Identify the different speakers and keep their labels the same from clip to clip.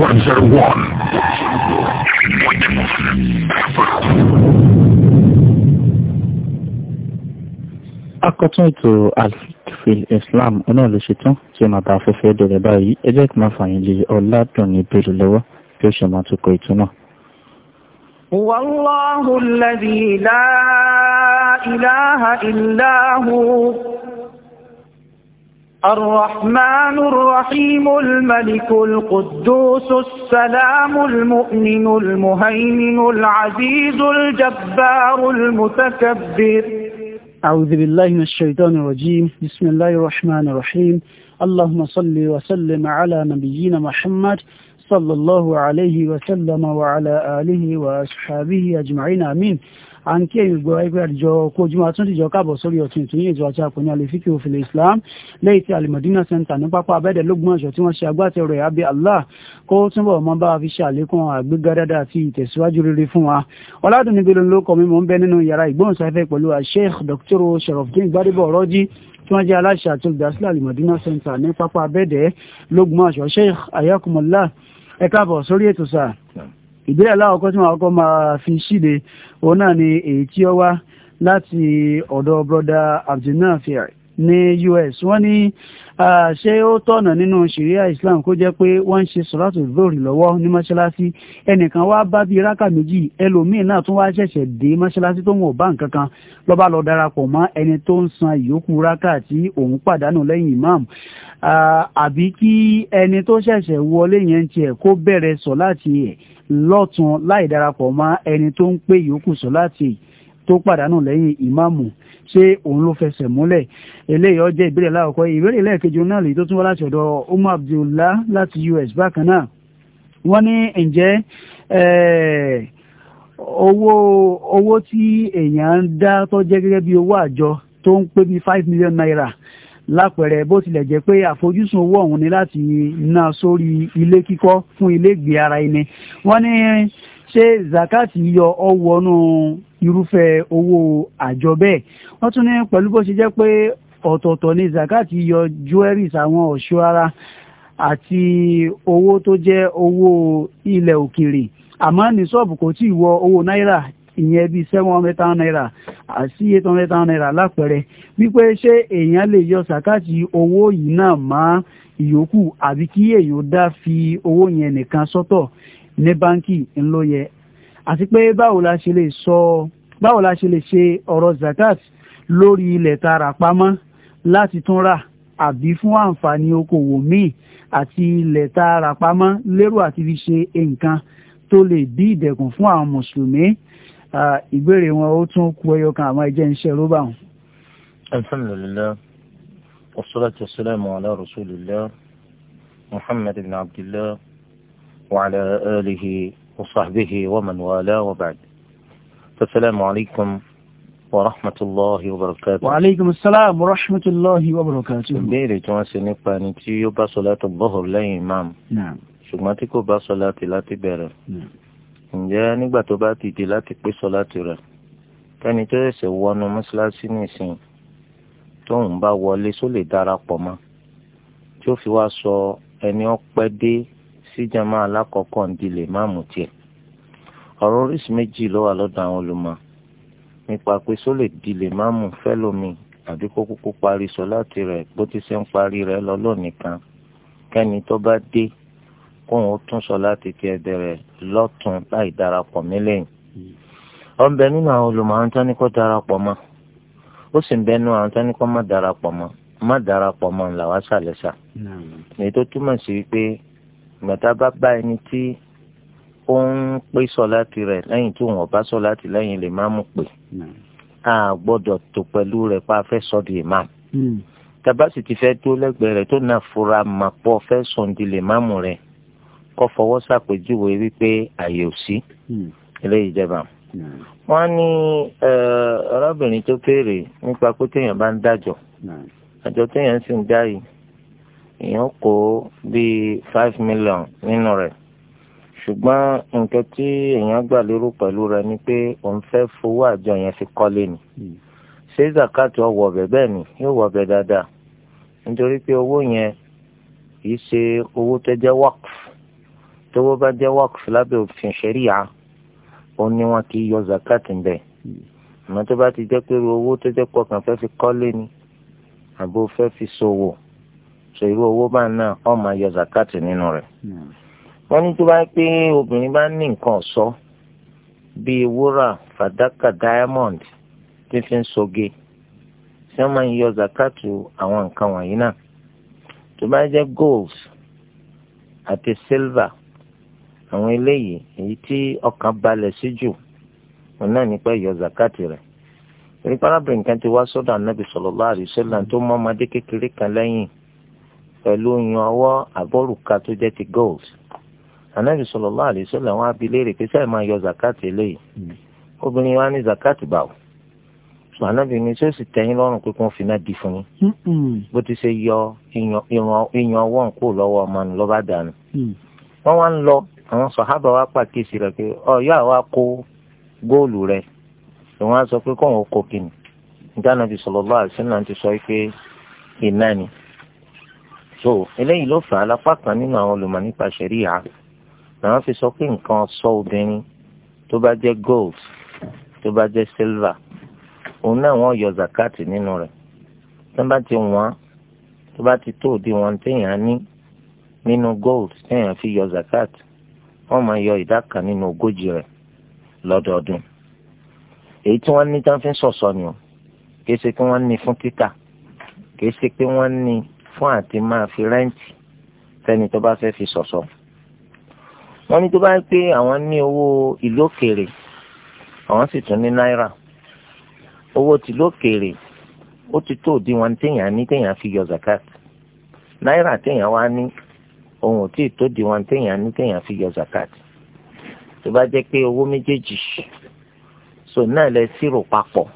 Speaker 1: Akọ̀tún ètò Alfil Islam ọ̀nà ló ṣe tán tí ó máa bá afẹ́fẹ́ dọ̀rẹ̀ báyìí ẹjẹ́ kí máa fàyìn lè ọ̀làdùnní bèrè lọ́wọ́ bí ó ṣe máa tó kọ ètò náà.
Speaker 2: Wallahu alladhi la ilaha
Speaker 3: الرحمن الرحيم الملك القدوس السلام المؤمن المهيمن العزيز الجبار المتكبر أعوذ بالله من الشيطان الرجيم بسم الله الرحمن الرحيم اللهم صل وسلم على نبينا محمد صلى الله عليه وسلم وعلى آله وأصحابه أجمعين آمين à ń kí èyí gbọ́ ẹgbẹ́ àdìjọ kojúmọ́ àtúndìjọ káàbọ̀ sórí ọ̀tún ìtúnyìn ètò àti àpòní àlefíkì òfin islam lẹ́yìn tí alimadina center ní pápá abẹ́dẹ̀ lógún ọ̀ṣọ́ tí wọ́n ṣe agbátẹrù ẹ̀ abẹ́ allah kó túnbọ̀ mọ́ bá a fi ṣe àlékún àgbéga dáadáa àti ìtẹ̀síwájú rere fún wa. ọ̀làdùnní bẹ́ẹ̀ ló kọ́ mi mò ń bẹ nínú yàrá ìgbóhùnsáfẹ́ pẹ̀lú sheikh dr sharafdin gbadebo ọ̀rọ́jì tí wọ́n jẹ́ aláṣẹ àti olùdásílẹ̀ center ní pápá abẹ́dẹ̀ lógún ọ̀ṣọ́ sheikh ayakumullah ẹ káàbọ̀ sórí ìbílẹ̀ aláwọ̀kọ́ tí màá kọ́ máa fi ṣíde òun náà ni èyí tí ó wá láti ọ̀dọ̀ broda abdulnafir ní US wọ́n ní ṣé ó tọ̀nà nínú sharia Islam kó jẹ́ pé wọ́n ń ṣe sọ́látò lórí lọ́wọ́ ní mọ́ṣáláṣí ẹnìkan wá bá bíi rákà méjì ẹlòmíín náà tún wá ṣẹ̀ṣẹ̀ dé mọ́ṣáláṣí tó ń wọ̀ bá nǹkan kan ló bá lọ darapọ̀ mọ́ ẹni tó ń san ìyókù rákà tí òun pàdánù lẹ́yìn imam àbí kí ẹni tó ṣẹ̀ṣẹ̀ wọlé yẹn tiẹ̀ kó bẹ̀rẹ̀ sọ láti ẹ̀ lọ́tún láì darapọ̀ mọ́ ẹni tó ń pè yòókù sọ́láàtì tó pàdánù lẹ́yìn ìmáàmù ṣé òun ló fẹsẹ̀ múlẹ̀ eléyìí ọjọ́ ìbéèrè láàkọ́ ìbéèrè lẹ́ẹ̀kejì náà lè tó tún wá láti ọ̀dọ̀ Umar Abdullah láti US bákan náà wọ́n ní ǹjẹ́ eh, owó owó tí èèyàn ń dá tó jẹ́ gẹ́gẹ́ bí owó àjọ tó ń pé bí five million naira lápẹẹrẹ bó tilẹ̀ jẹ́ pé àfojúsùn owó ọ̀hún ni láti ná sórí ilé kíkọ́ fún ilé ìgbé ara ẹni wọ́n ní ṣé zakati yíyọ ọwọ́nú irúfẹ́ owó àjọ bẹ́ẹ̀ wọ́n tún ní pẹ̀lú bó ṣe jẹ́ pé ọ̀tọ̀ọ̀tọ̀ ni zakati yíyọ jewelries àwọn ọ̀ṣọ́ ara àti owó tó jẹ́ owó ilẹ̀ òkèèrè àmọ́ ní ṣọ́ọ̀bù kò tí ì wọ owó náírà ìyẹn bíi seven hundred thousand naira sí eight hundred thousand naira lápẹẹrẹ wípé ṣé èèyàn lè yọ sàkáàtì owó yìí náà mọ́ ìyókù àbí kí èèyàn dá fi owó yẹn nìkan sọ́tọ̀ ní báńkì ńlọyẹ àti pé báwo la ṣe lè sọ báwo la ṣe lè ṣe ọ̀rọ̀ zakat lórí ilẹ̀ tààrà pamọ́ láti tún rà àbí fún àǹfààní okòwò míì àti ilẹ̀ tààrà pamọ́ lérò àti fi ṣe nǹkan tó lè dí ìdẹ̀kùn fún àwọn mùsùlùmí ìbéèrè wọn ó tún kú ẹyọ kan àmọ́ ẹjẹ́ ń ṣe rúbà wọn.
Speaker 1: alhamdulilayi wasalaatu wasalaamu ala rasulillah muhammad ibn abdillah wa ala alihi wa sahbihi wa man wala wa ba'd. asalaamu alaykum wa rahmatulahi wa barakatu. wa aleykum salaam wa rahmatulahi wa barakatu. ìbéèrè tí wọ́n ṣe nípa ẹni tí yóò bá sọ láti bọ́ọ̀rù lẹ́yìn imam ṣùgbọ́n ǹjẹ́ nígbà tó bá dìde láti pé sọ́láàtì rẹ̀ kẹ́ni tó ṣẹ̀ṣẹ̀ wọnú mọ́ṣáláṣí nìsín tóun bá wọlé só lè darapọ̀ mọ́ tí ó fi wá sọ ẹni ọpẹ́ dé síjàmá alákọ̀ọ́kọ́ ń dilẹ̀ máàmù tiẹ̀ ọ̀rọ̀ oríṣi méjì ló wà lọ́dọ̀ àwọn olùmọ̀ nípa pé só lè dilẹ̀ máàmù fẹ́lómi àbí kó kúkú parí sọ́láàtì rẹ̀ bó ti ṣe ń parí rẹ̀ lọ lónìí kẹ́ni tó bá dé kóun tún sọ láti kí ẹ bẹ̀rẹ̀ láì darapọ̀ mí ọ̀nbẹ nínú àwọn olùmọ̀ àwọn darapọ̀ mọ́ ó sì ń bẹ nínú àwọn tó má darapọ̀ mọ́ má darapọ̀ mọ́ wá èyí tó túmọ̀ sí pé gbàtà bá bá ẹni tí ó ń pè sọ láti rẹ̀ lẹ́yìn tí òun sọ láti lẹ́yìn lè má mú di hmm. ti fẹ́ tó lẹ́gbẹ̀ẹ́ fura fẹ́ kọ́ fọwọ́ sàpèjúwe wípé àyè ò sí hmm. eléyìí jẹba hmm. wọn ní ọlọ́bìnrin tó béèrè nípa pé téèyàn bá ń dájọ́ hmm. àjọ téèyàn sì ń dá yìí èèyàn kó bíi five million nínú rẹ̀ ṣùgbọ́n nǹkan tí èèyàn gbà lérò pẹ̀lú rẹ̀ ni pé òun fẹ́ fowó àjọ yẹn fi kọ́lé ni ṣé zakat ọwọ́ ọbẹ̀ bẹ́ẹ̀ ni yóò wọ ọbẹ̀ dáadáa nítorí pé owó yẹn kì í ṣe owó tó jẹ́ tówó bá jẹ́ waqf lábẹ́ òfin ṣẹ̀ríà ó ní wọn kì í yọ zakat ńbẹ̀ àmọ́ tó bá ti jẹ́ pé owó tó jẹ́ pọ̀ kàn fẹ́ fi kọ́lé ni àbò fẹ́ fi ṣòwò ṣò irú owó bá náà ó máa yọ zakat nínú rẹ̀ wọ́n ní tó bá pé obìnrin bá ní nǹkan ọ̀ṣọ́ bíi wúrà fàdákà diamond tí fi ń soge tí wọ́n máa ń yọ zakatu àwọn nǹkan wọ̀nyí náà tó bá jẹ́ gold àti silver àwọn eléyìí èyí tí ọkàn balẹ̀ sí jù òun náà nípa ìyọ zakati rẹ̀ nípa arábìnrin kan ti wá sọ́dọ̀ anábì sallallahu alaihi wasallam tó mọ́ ọmọdé kékeré kan lẹ́yìn pẹ̀lú oyin ọwọ́ àbọ̀rùka tó jẹ́ ti gold anábì sallallahu alaihi wasallam wọn á bi léèrè pé sẹ́ẹ̀ máa yọ zakati eléyìí hmm. obìnrin wa ní zakati báwo sọ anábì ní tí ó sì tẹ́yìn lọ́rùn pé kí wọ́n fi náà di fún
Speaker 4: yín hmm.
Speaker 1: bó ti ṣe yọ iyan ọwọ́ nǹkó lọ́wọ́ ọmọ nù lọ́ba dànù hmm. wọ́n wá ń lọ àwọn sọ̀hábà wa pàkíyèsí rẹ̀ pé ọ̀yọ́ àwa kó góòlù rẹ̀ tí wọ́n á sọ pé kóun kó kìnnì nígbàna bí sallallahu alaihi wasallam ti sọ pé iná ni. so eléyìí ló fà á lápá kan nínú àwọn olùmọ̀ nípa ṣẹ̀ríyà làwọn fi sọ pé nǹkan sọ obìnrin tó bá jẹ́ gold tó bá jẹ́ silver òun náà wọ́n yọ zakati nínú rẹ̀ tó bá ti wọ́n tó bá ti tó òdiwọ̀n téèyàn ní nínú gold téèyàn fi yọ zakati wọ́n máa yọ ìdá kan nínú ogójì rẹ̀ lọ́dọọdún èyí tí wọ́n ní tán fi ń ṣọ̀ṣọ́ ni o kì í ṣe pé wọ́n ní fún títà kì í ṣe pé wọ́n ní fún àti máa fi rẹ́ǹtì fẹ́ni tó bá fẹ́ fi ṣọ̀ṣọ́ wọ́n ní tó bá pé àwọn ní owó ìlú òkèèrè àwọn sì tún ní náírà owó tìlú òkèèrè ó ti tó òdiwọ̀n téèyàn ní téèyàn fi yọ zakat náírà téèyàn wá ní ohun tí tó di wọn téèyàn ní téèyàn fi yọ zakat tó bá jẹ́ pé owó méjèèjì so náà lẹ sírò papọ̀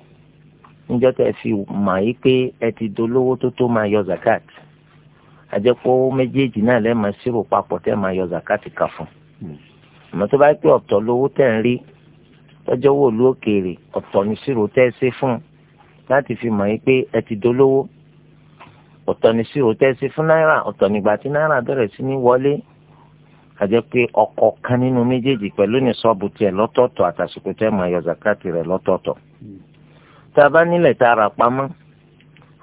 Speaker 1: níjọ́ tẹ́ fi mọ̀ yí pé ẹ ti dolówó tó tó máa yọ zakat àjẹpọ̀ owó méjèèjì náà lẹ máa sírò papọ̀ tẹ́ máa yọ zakat kà fún àmọ́ tó bá pé ọ̀tọ̀ lówó tẹ̀ ń rí tọ́jọ́ wò lú òkèèrè ní sírò tẹ́ ṣe fún láti fi mọ̀ yí pé ẹ ti dolówó ọ̀tọ̀ ni sí òtẹ́sí fún náírà ọ̀tọ̀ nígbà tí náírà bẹ̀rẹ̀ sí ní wọlé àjẹ́ pé ọkọ̀ kan nínú méjèèjì pẹ̀lú ní sọ́ọ̀bù tiẹ̀ lọ́tọ̀ọ̀tọ̀ àtàsìkò tẹ́ mọ̀ ayọ̀ zakati rẹ̀ lọ́tọ̀ọ̀tọ̀ tá a bá nílẹ̀ tá a rà pamọ́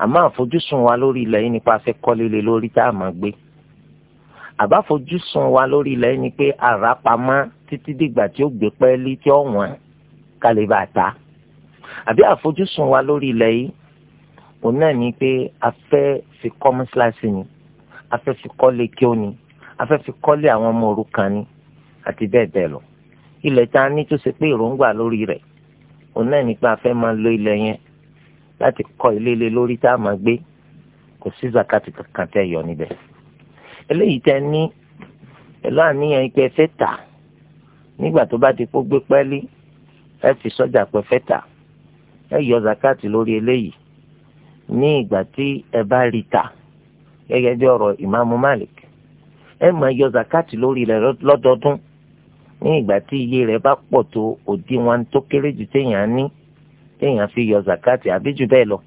Speaker 1: àmọ́ àfojúsùn wa lórí ilẹ̀ yìí nípa fẹ́ kọ́lé lórí tá a máa gbé àbáfojúsùn wa lórí ilẹ̀ ni pé àràpamọ́ títí dìgbà tí ó gbé pẹ́ẹ́lí tí ó wọ̀n kálí bá ta àbí àfojúsùn wa lórí ilẹ̀ yìí òun náà ni pé a fẹ́ fi kọ́ mọ́ṣáláṣí ni a fẹ́ fi kọ́lé kíó ni a fẹ́ fi kọ́lé àwọn ọmọ òrukàn ni àti bẹ́ẹ̀ bẹ́ẹ̀ lọ ilẹ̀ tá a ní tó ṣe pé èròǹgbà lórí rẹ̀ òun náà ni pé a fẹ́ máa lo ilẹ̀ yẹn láti kọ́ ilé lé lórí tá a máa gbé kò sí zakati kankan tẹ́ yọ níbẹ̀ eléyìí tẹ́ ní pẹ̀lú àníyàn pé fẹ́ tà nígbà tó bá ti kó gbé pẹ́ẹ́lí ẹ fi sọ́jà pé fẹ́ tà ẹ yọ zakati lórí eléyìí ní ìgbà tí ẹ bá rí ta gẹ́gẹ́ bí ọ̀rọ̀ ìmáàmù Malik ẹ máa yọ zakati lórí rẹ̀ lọ́dọọdún ní ìgbà tí iye rẹ̀ bá pọ̀ tó òdiwọ̀n tó kéré jù téèyàn ní téèyàn fi yọ zakati àbí bẹ́ẹ̀ lọ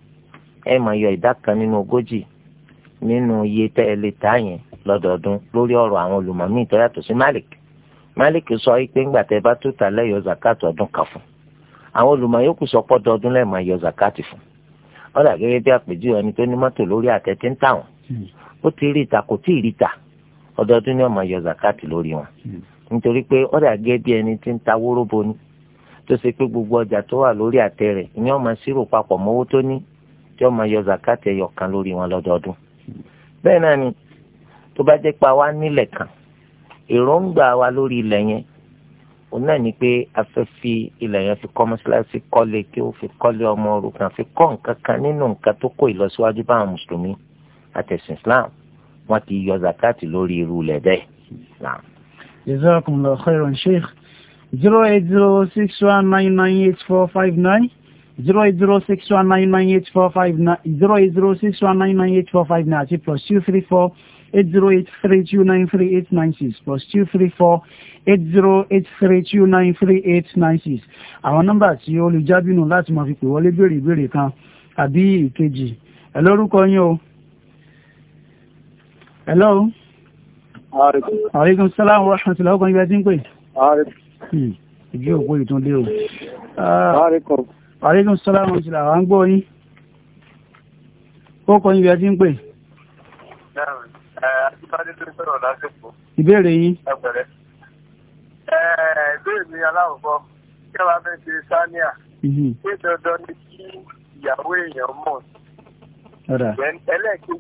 Speaker 1: ẹ máa yọ ìdá kan nínú ogójì nínú iye tẹ́ ẹ lè ta yẹn lọ́dọọdún lórí ọ̀rọ̀ àwọn olùmọ̀mí tó sí Malik Malik sọ pé ńgbà tẹ́ bá tó ta lẹ́yọ zakati ọdún kan fún àwọn olùmọ̀ yòókù sọ pọ́ dọọdún lẹ́ẹ̀ máa zakati fún wọ́n dà gẹ́gẹ́ bí àpèjúwe ẹni tó ní mọ́tò lórí àtẹ̀tí ń tà hmm. ó ti rí kò tí ì rí ìta ọdọọdún ní ọmọ yọ zakati lórí wọn hmm. nítorí pé ó dà gẹ́gẹ́ bí ẹni tí ń ta wóróbo ni tó ṣe pé gbogbo ọjà tó wà lórí àtẹ papọ̀ mọ́wó tó yọ zakati ẹyọ kan wọn bẹ́ẹ̀ náà ni tó bá jẹ́ pa wá nílẹ̀ kan èròǹgbà wa lórí ilẹ̀ yẹn òun náà ni pé a fẹ́ fi ilẹ̀ yẹn fi kọ́ mọ́ṣáláṣí kọ́lé kí ó fi kọ́lé ọmọ òrukàn fi kọ́ nǹkan kan nínú nǹkan tó kó ìlọsíwájú bá àwọn mùsùlùmí àtẹ̀sìn Islam wọn kì í yọ zakati lórí irú ilẹ̀ bẹ́ẹ̀.
Speaker 3: jazakumullahu khairan sheikh zero eight zero six one nine nine eight four five nine zero eight zero six one nine nine eight four five nine zero eight zero six one nine nine eight four five nine àti plus two three four eight zero eight three two nine three eight nine six plus two three four eight zero eight three two nine three eight nine six àwọn nọ́mbà tí olùjábìnú láti máa fi pè wọlé béèrè ìbéèrè kan àbí ìkejì ẹ lórúkọ yín o. hello. aleykum salaam wa rahmatulah ọkàn ibẹ̀ tí ń pè. Hmm. ìdí òpó ìtúndé o. Ah. aleykum salaam wa rahmatulah à ń gbọ́ yín. ó kọ́ ibẹ̀ tí ń pè ìbéèrè yín.
Speaker 2: ìbéèrè mi aláwọ̀kọ́ kí wàá fẹ́ ṣe sáníà ṣé dandan ni kí ìyàwó èèyàn mọ̀ ẹlẹ́ẹ̀kejì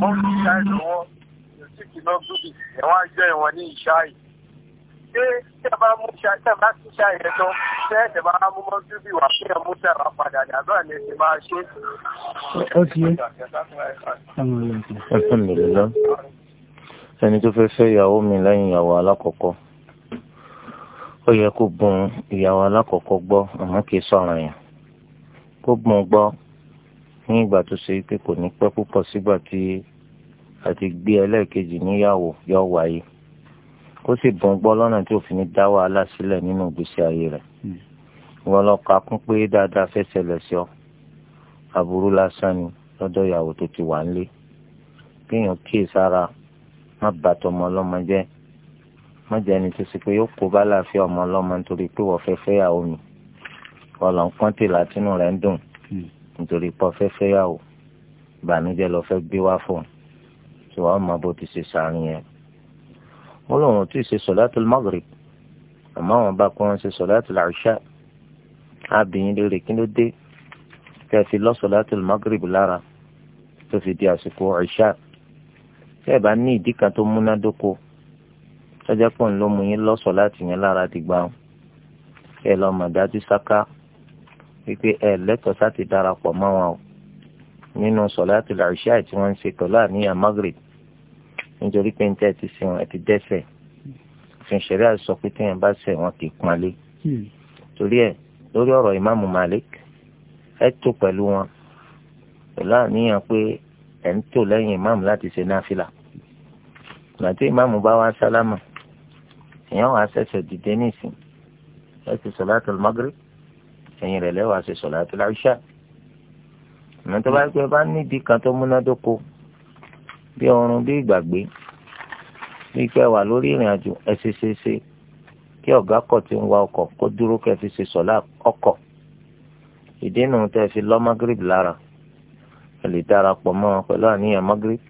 Speaker 4: wọ́n fi ṣáì lọ́wọ́
Speaker 2: yóò sì kí náà gbòdì ẹ̀wọ̀n á jẹ́ ìwọ̀n ní ìṣáì ṣé tẹ́ bá mú ṣá tẹ́ bá tún ṣá yẹn tán tẹ́ tẹ́ bá mú mọ́ sí bí wà fún yẹn mú ṣá bá padà ní àbá ni ṣe máa ṣe.
Speaker 4: ó ti yé
Speaker 1: alhamdulilah ẹni tó fẹ́ fẹ́ ìyàwó mi lẹ́yìn ìyàwó alákọ̀ọ́kọ́ ó yẹ kó bùn ìyàwó alákọ̀ọ́kọ́ gbọ́ àmọ́ kì í sọ̀rọ̀ yẹn kó bùn gbọ́ ní ìgbà tó ṣe pé kò ní pẹ́ púpọ̀ sígbà tí a ti gbé ẹlẹ́ẹ̀kejì níyàwó yọ wáyé kó sì bọ́n gbọ́ lọ́nà tí òfin ní dá wàhálà sílẹ̀ nínú ìgbésí ayé rẹ̀ hmm. wọn lọ ka kún pé dáadáa fẹ́ ṣẹlẹ̀ sí ọ aburú lásán ni lọ́dọ̀ ìyàwó tó ti wà nílé kéèyàn kíyè sára má bàtọ̀ ọmọ ọlọ́mọ jẹ́ má jẹ́ ẹni tó ṣe pé yóò kó bá láàfin ọmọ ọlọ́mọ nítorí pé wọ́n fẹ́ fẹ́ yàwó mi wọ́n lọ ń pọ́ńtì látinú rẹ̀ ń dùn hmm. nítorí pé fẹ́ fẹ́ yàwó ìbànújẹ́ lọ fẹ́ gbé wá fún un tí wọ́n mọ bó ti ṣe sàárín yẹn wọn lòun tí ì ṣe sọ̀láàtì magrib àmọ́ àwọn bá kó wọn ṣe sọ̀láàtì làṣà abìyín lè rè kí ló dé tẹ́ fi lọ́ sọ̀láàtì magrib lára tó fi di àsìkò àṣà tẹ́ ẹ̀ bá ní ìdí kan tó múnádóko tọ́jà pọ̀ ń ló mú yín lọ́ sọ̀láàtì yẹn lára ti gbà wọn ẹ lọ mọ̀ dájú sáká wípé ẹ lẹ́tọ̀ọ́ sáti darapọ̀ mọ́ wọn o nínú sọ̀láàtì làṣà tí wọ́n ń ṣe pẹ̀lú àníyàn magrib nítorí pé níta ti sè wọn ẹ ti dẹ́ṣẹ̀ òfin ṣẹlẹ àìsàn pé téèyàn bá ṣẹ̀ wọn kì í pọnlé hmm. torí ẹ lórí ọ̀rọ̀ ìmáàmù Malik ẹ tó pẹ̀lú wọn pẹ̀lú àníyàn pé ẹ ń tò lẹ́yìn ìmáàmù láti ṣe náfìlà ìgbà tí ìmáàmù bá wá sálámà èèyàn wàá ṣẹ̀ṣẹ̀ dìde nísìn ẹ ti sọ̀láàtù Maghrib ẹ̀yìn rẹ̀ lẹ́wàá ṣe sọ̀láàtù Ìṣà bí ọrùn bí ìgbàgbé bí pẹ́ wà lórí ìrìn àjò ẹ ṣe ṣe ṣe kí ọ̀gá kọ̀ tí ń wa ọkọ̀ kó dúró kẹ́ fi ṣe sọ̀lá ọkọ̀ ìdí nu tẹ́ fi lọ́ magrib lára ẹ lè dára pọ̀ mọ́ wọn pẹ̀lú àníyàn magrib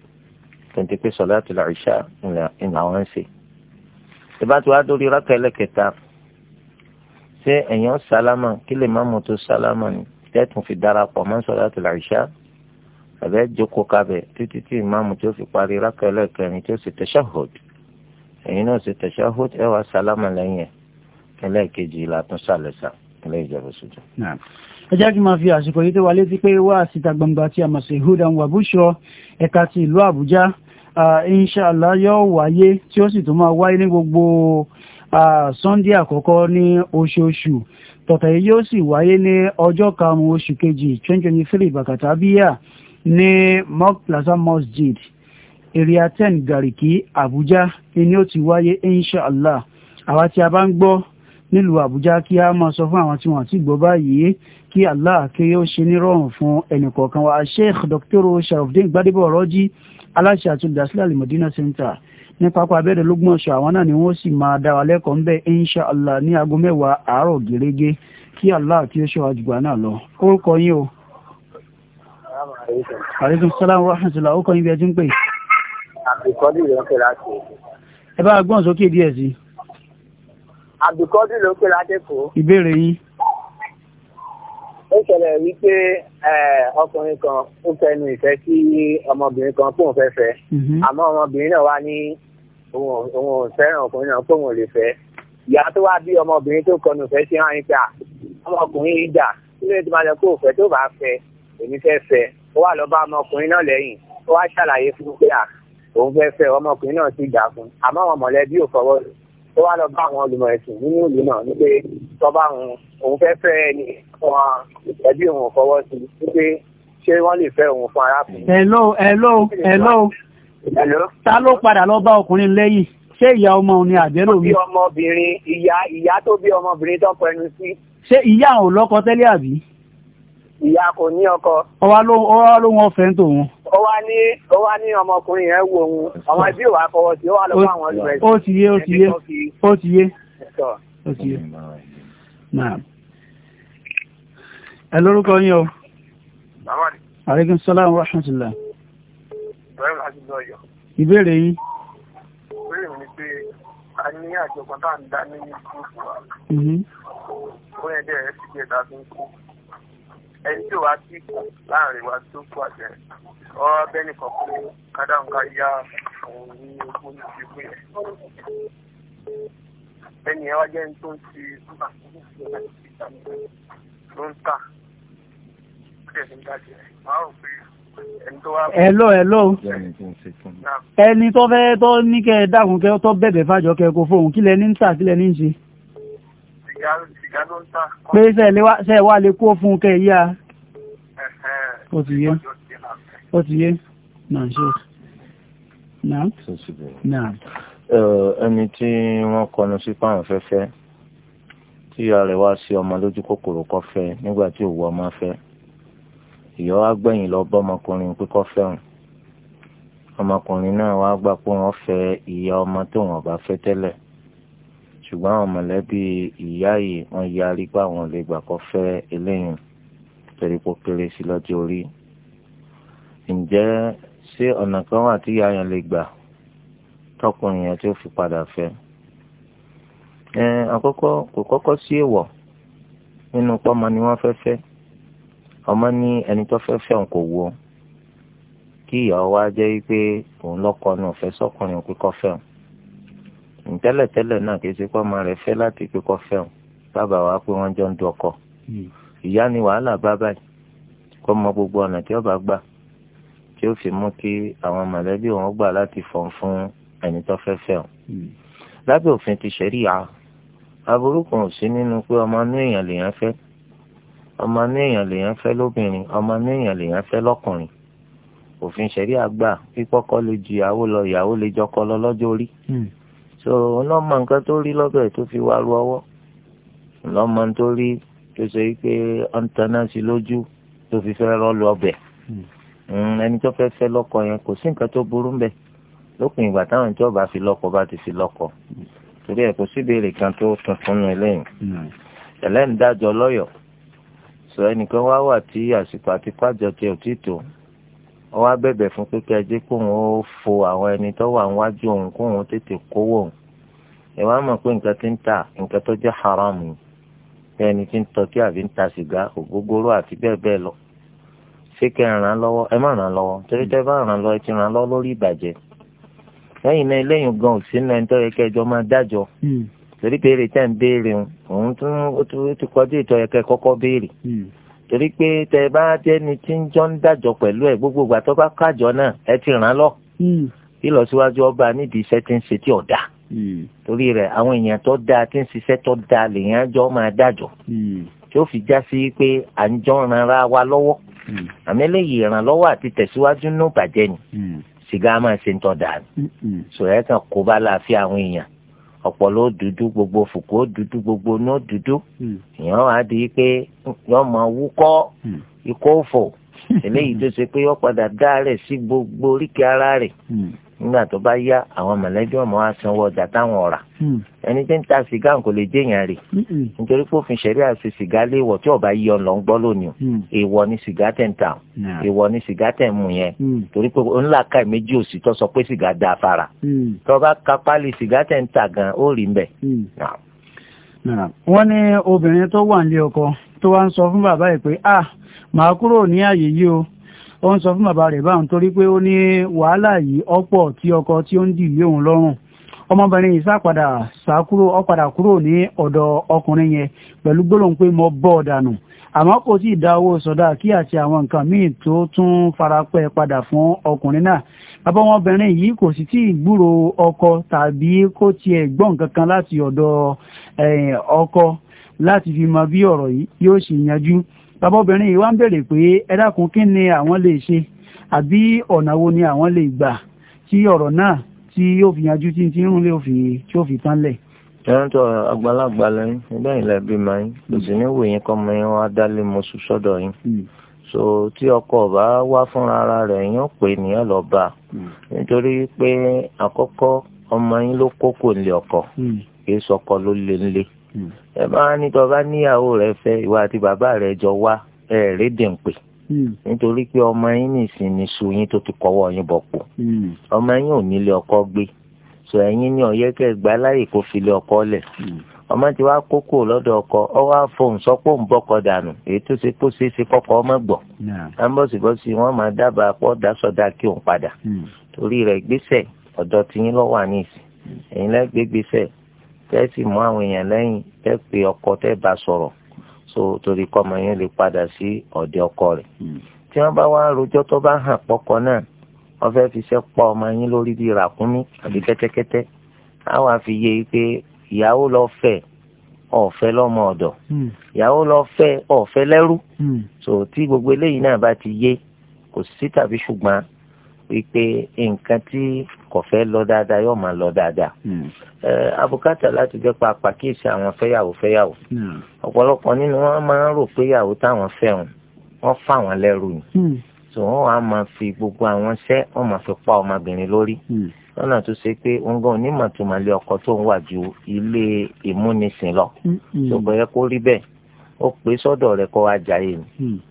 Speaker 1: tẹ̀ǹtẹ̀ pé sọ̀lá ti là ìṣá ìlànà ń ṣe. ìbá tí wàá dórí rákà ẹlẹ́kẹta ṣé ẹ̀yàn sálámà kí lè má mú tó sálámà ni tẹ́tùn fi dára pọ̀ mọ́ sọ̀lá ti là ìṣá àbẹ́ joko kabẹ̀ títí tí ìmáàmù tó fi parí rákà ẹlẹ́ẹ̀kẹrin tó sì tashahhud ẹ̀yin náà sì tashahhud ẹ̀ wá sálámà lẹ́yìn ẹlẹ́ẹ̀kejì látún sàlẹ̀sà ilé ìjọba ṣojú.
Speaker 3: ẹ jẹ́ kí n máa fi àsìkò yìí tó wà létí pé wá síta gbangba tí a mọ̀ sí hudan wa bushra ẹ̀ka ti ìlú àbújá inṣàlá yóò wáyé tí ó sì tún máa wáyé ní gbogbo sunday àkọ́kọ́ ní oṣooṣù tọ̀tẹ̀ yìí yóò sì wáyé ní ọjọ́ karùn-ún oṣù kejì twenty twenty three bàkàtà bíyà ní Mock Plaza Masjid area ten Gariki Abuja ni ó ti wáyé inshallah àwa tí a bá ń gbọ́ nílùú àbújá kí a máa sọ fún àwọn tí wọn ti gbọ́ báyìí kí allah kí ó ṣe nírọ̀rùn fún ẹnìkọ̀ọ̀kan wa sheikh dr sharafdin gbadebo ọrọjí aláṣẹ àti olùdásílẹ̀ alimọdínà center ní pápá abẹ́rẹ́ lógún ọ̀sán àwọn náà ni wọ́n sì máa dá wa lẹ́kọ̀ọ́ ńbẹ insha allah ní aago mẹ́wàá àárọ̀ gẹ́rẹ́gẹ́ kí allah kí ó ṣe wájú náà lọ orúkọ yín o. Àríkùn Sọ́lámù Rọ́hànsìlá, ó kọ́ ibi ẹjú ń pè.
Speaker 2: Àbìkọ́dì wípé ọkùnrin kan ó fẹnu ìfẹ́ sí ọmọbìnrin kan fóun fẹ́ mhm. Àmọ́ ọmọbìnrin náà wá ní òun ò ọkùnrin náà fóun ò lè fẹ́. Ìyá tó wá bí ọmọbìnrin tó kọnu ìfẹ́ sí ọmọkùnrin yìí dà èmi fẹ́ fẹ́ ó wà lọ bá ọmọkùnrin náà lẹ́yìn ó wá ṣàlàyé fún un pé à òun fẹ́ fẹ́ ọmọkùnrin náà sì gbà fún un àmọ́ àwọn mọ̀lẹ́bí ò fọwọ́ lò ó wá lọ bá àwọn olùmọ̀ ẹ̀sìn nínú ìlú náà ní pé tọ́ba òun òun fẹ́ fẹ́ ẹni wọn ẹbí òun ò fọwọ́ sí i pé ṣé wọ́n lè fẹ́ òun fún arákùnrin. hello hello
Speaker 3: hello ta ló padà lọ bá ọkùnrin lẹ́yìn ṣé ìyá ọmọ òun ni àjẹ́rò mi.
Speaker 2: ọmọbìnrin ìyá ìyá tó bí ọmọbìnrin tó pẹnu sí.
Speaker 3: ṣé ìyá òun lọ́kọ tẹ́lẹ̀ àbí
Speaker 2: ìyá kò ní ọkọ.
Speaker 3: ọwá ló wọn fẹ́ ń tòun.
Speaker 2: ó wá ní ó wá ní ọmọkùnrin yẹn wo òun àwọn ẹbí òwà fọwọ́ sí ó wà lọ́wọ́ àwọn ọdún rẹ̀. ó ti yé ó ti yé ó ti yé ó
Speaker 3: ti yé. ẹ lórúkọ yín o. aleykum salaam wa rahmatulah. ìbéèrè yín.
Speaker 2: ìbéèrè mi ni pé a ní àjọpọ̀ tá à ń dá ní kúrúkú wa. Mm-hmm. ó yẹ dẹ́ ẹ ti jẹ́ ìdá tó ń kú ẹni tí wá sí kù láàrin wa tó kú àjẹ ọ bẹ́ẹ̀ni kọ̀ọ̀kan ní ká yá òun ní ogún ní ìdíkù yẹn. ẹni ẹ wá jẹ́ ní tó ń ti rúbà tó ń tà Hello,
Speaker 3: hello. Ẹni tó fẹ́ tó ní kẹ́ dàgùn kẹ́ tó bẹ̀bẹ̀ fàjọ kẹ́ kò fóun kílẹ̀ ní ń tà kílẹ̀ ní ń ṣe pé ṣe wà lè kó fún kẹ yíya ó ti yé ó ti yé náà ṣe
Speaker 1: náà ẹni tí wọ́n kọnu sí páwọn fẹ́fẹ́ tí ìyá rẹ̀ wá sí ọmọ lójú kòkòrò kọ́ fẹ́ nígbà tí òwú ọmọ fẹ́ ìyá wa gbẹ̀yìn lọ bọ́ ọmọkùnrin pé kọ́ fẹ́ràn ọmọkùnrin náà wá gbà pé wọ́n fẹ́ ìyá ọmọ tó wọn bá fẹ́ tẹ́lẹ̀ ṣùgbọ́n àwọn mọ̀lẹ́bí ìyá yìí wọ́n yarí pé àwọn lè gbà kó fẹ́ eléyìí torí pé ó kéré sí lọ́jọ́ orí. ǹjẹ́ ṣé ọ̀nà kan wà tí ìyá yẹn lè gbà tọkùnrin yẹn tí ó fi padà fẹ́? ẹ àkọ́kọ́ kò kọ́kọ́ sí èèwọ̀ nínú pọ́mọ ni wọ́n fẹ́ fẹ́ ọmọ ní ẹni tó fẹ́ fẹ́ kò wo kí ìyàwó wa jẹ́ wípé òun lọ́kọ ni òfẹ́ sọ́kùnrin òpin kọ́ fẹ́ràn ntẹ́lẹ̀tẹ́lẹ̀ náà kì í ṣe pọ́ ọmọ rẹ̀ fẹ́ láti pé kọ́ fẹ́ o bàbá wa pé wọ́n jọ ń du ọkọ hmm. ìyá ni wàhálà bá báyìí kọ́ mọ gbogbo ọ̀nà tí ọba gbà tí ó fi mú kí àwọn mọ̀lẹ́bí wọn gbà láti fọ̀n fún ẹni tó fẹ́ fẹ́ o hmm. lábẹ́ òfin ti ṣẹ̀ríà aburú kan ò sí nínú pé ọmọ inú èèyàn lèèyàn fẹ́ ọmọ inú èèyàn lèèyàn fẹ́ lóbìnrin ọmọ inú èèyàn lèèyàn fẹ́ lọ́kùnrin òfin ṣẹ̀ríà gbà kíkọ́kọ́ lè ju lọ ìyàwó lè jọkọ lọ lọ́jọ́ orí. Hmm so ọlọ́mọ nǹkan tó rí lọ́bẹ̀ tó fi wá lu ọwọ́ ọlọ́mọ tó rí tó ṣe pé ọ̀ǹtaná sí lójú tó fi fẹ́ rọ́ lu ọbẹ̀ hmm. ẹni tó fẹ́ fẹ́ lọ́kọ yẹn kò sí nǹkan tó burú mbẹ̀ lópin ìgbà táwọn ìjọba fi lọ́kọ bá ti fi lọ́kọ hmm. torí ẹ̀ kò sí ìbéèrè kan tó tuntun nù lẹ́yìn hmm. ẹlẹ́ni dájọ́ lọ́yọ̀ọ́ sọ ẹnìkan wá wà tí àsìkò àti pàjọ tí ò tí tó ọwọ́ abẹ́bẹ̀ fún pé kí ajé kóun ó fo àwọn ẹni tó wà níwájú òun kóun tètè kówó òun mọ̀ pé nǹkan tí ń nǹkan tó jẹ́ haram ni bí ẹni tí ń tọ́kí àbí ta sìgá ògógóró àti bẹ́ẹ̀ lọ ṣé kẹ́ ẹ ràn án lọ́wọ́ ẹ má bá ràn án lọ́wọ́ ti ràn án lọ́wọ́ lórí ìbàjẹ́ lẹ́yìn náà gan yẹ máa dájọ́ hmm. torí tẹ́ ń béèrè òun tún ó ti kọjú kọ́kọ́ béèrè hmm. torí pé tẹ bá jẹ́ni tí ń jọ ń dàjọ pẹ̀lú ẹ̀ gbogbo ìgbà tó bá kájọ náà ẹ ti ràn án lọ ìlọsíwájú hmm. ọba nídìí iṣẹ́ tí ń ṣe tí ò dáa hmm. torí rẹ̀ àwọn èèyàn tó dáa tí ń ṣiṣẹ́ tó dáa lèèyàn jọ máa dájọ́ hmm. tí ó fi já sí pé à ń jọ ranra wa lọ́wọ́ àmì eléyìí ìrànlọ́wọ́ àti tẹ̀síwájú ní ìbàjẹ́ ni sìgá máa ṣe ń tọ́ dáa ni sòrẹ́ kan kó bá láàfin àwọn èèyàn ọpọlọ dúdú gbogbo fùkú dúdú gbogbo náà dúdú èèyàn hmm. wá di pé yọọ máa wúkọ́ hmm. ikọ́ òfò eléyìí tó ṣe pé yọ padà dá rẹ̀ sí gbogbo oríkèé ara rẹ̀ hmm nígbà tó bá yá àwọn mọ̀lẹ́bí ọmọ wa sanwó ọjà táwọn ọ̀rà hmm. ẹni tí ń ta sìgá kò lè jẹ́yàn rẹ̀ hmm. nítorí pé òfin ṣẹ̀rí àti sìgá lé ìwọ̀ tí ọba yí ọ lọ ń gbọ́ lónìí o hmm. ni sìgá tẹ̀ ń ta o ni sìgá tẹ̀ ń mú yẹn torí pé ńlá ka méjì òsì tó sọ pé sìgá da afárá tó bá ka pálí sìgá tẹ̀ ń ta gan ó rí mbẹ̀.
Speaker 3: wọ́n ní obìnrin tó wà nílé ọkọ tó wá ń sọ fún bàbá ah, yìí ó ń sọ fún bàbá rẹ̀ báwọn torí pé ó ní wàhálà yìí ọ̀pọ̀ tí ọkọ tí ó ń dì lé òun lọ́rùn ọmọbìnrin yìí sápadà ní ọ̀dọ̀ ọkùnrin yẹn pẹ̀lú gbólóhùn pé mo bọ́ ọ dànù àmọ́ kò tí owó sọ̀dá kí àwọn nǹkan míì tó tún farapẹ́ padà fún ọkùnrin náà bàbá ọmọbìnrin yìí kò sì tí ì ọkọ tàbí kó tiẹ̀ gbọ́ nǹkan kan láti ọ̀dọ̀ ọkọ láti fi mọ bí ọ̀rọ̀ yìí yóò bàbá obìnrin yìí wá ń bèrè pé ẹ dákun kí ni àwọn lè ṣe àbí ọ̀nà wo ni àwọn lè gbà tí ọ̀rọ̀ náà tí yóò fi yanjú tí tí irun lè fi tí ó fi tán lẹ̀.
Speaker 1: ẹran tó àgbàlagbà lẹ́yìn nígbà yìí lẹbi máa ń kò sí ní wòye kan yín wá dálé mo sùn sọ́dọ̀ yín hmm. so tí ọkọ bá wá fúnra ara rẹ̀ yín ó pè ní ẹ lọ bá hmm. nítorí pé àkọ́kọ́ ọmọ yín ló kókò nílé ọkọ hmm. kì í sọkọ ló lé nílé. Mm ẹ bá ní tó bá níyàwó rẹ fẹ́ ìwà àti bàbá rẹ jọ wá ẹ rédè ń hmm. nítorí pé ọmọ yín nìsín ni suyin tó ti kọwọ yín bọ pò hmm. ọmọ yín ò nílé ọkọ gbé sọ ẹ̀yin ní ọyẹ kẹ gbà láyè kó filé ọkọ lẹ hmm. ọmọ tí wàá kókó lọ́dọ̀ ọkọ ọwọ́ àfohùn sọpọ ń bọkọ dànù èyí tó ṣe kó ṣeé ṣe kọkọ ọmọ gbọ́ ambọsibọsi wọn máa dábàá pọ dasọdá kí òun padà torí rẹ̀ gbèsè ọ̀dọ̀ tiyín lọ wà ní ìsìn ẹ̀yin tẹ́ sì mú àwọn èèyàn lẹ́yìn tẹ́ pé ọkọ tẹ́ bá sọ̀rọ̀ so torí kọ́mọ yẹn lè padà sí ọ̀dẹ ọkọ rẹ̀ hmm. tí wọ́n bá wá rojọ́ tó bá hàn pọ́kọ náà wọ́n fẹ́ fi iṣẹ́ pa ọmọ yín lórí bíi ràkúnmí àbí hmm. kẹ́tẹ́kẹ́tẹ́ á wàá fi yé i pé ìyàwó lọ fẹ́ ọ̀fẹ́ lọ́mọ ọ̀dọ̀ hmm. ìyàwó lọ fẹ́ ọ̀fẹ́ lẹ́rú so tí gbogbo eléyìí náà bá ti yé kò sí tàbí ṣùgbọ́n wípé nǹkan tí kò fẹ́ lọ dáadáa yóò máa lọ dáadáa. abùkátà hmm. láti jẹ́ pé apàkíyèsí àwọn fẹ́yàwó fẹ́yàwó. Hmm. ọ̀pọ̀lọpọ̀ nínú wọn máa ń rò pé ìyàwó táwọn fẹ́ wọn wọ́n fà wọ́n lẹ́rù ni. tó hmm. wọ́n wá máa fi gbogbo àwọn iṣẹ́ wọ́n máa fi pa ọmọbìnrin lórí. lọ́nà tó ṣe pé òǹgàn onímọ̀ tó máa lé ọkọ tó ń wà ju ilé ìmúnisìn lọ. tó bọ̀ yẹ kó rí bẹ́ẹ̀ ó pé sọ́dọ̀ rẹ̀ kó wá jayé ni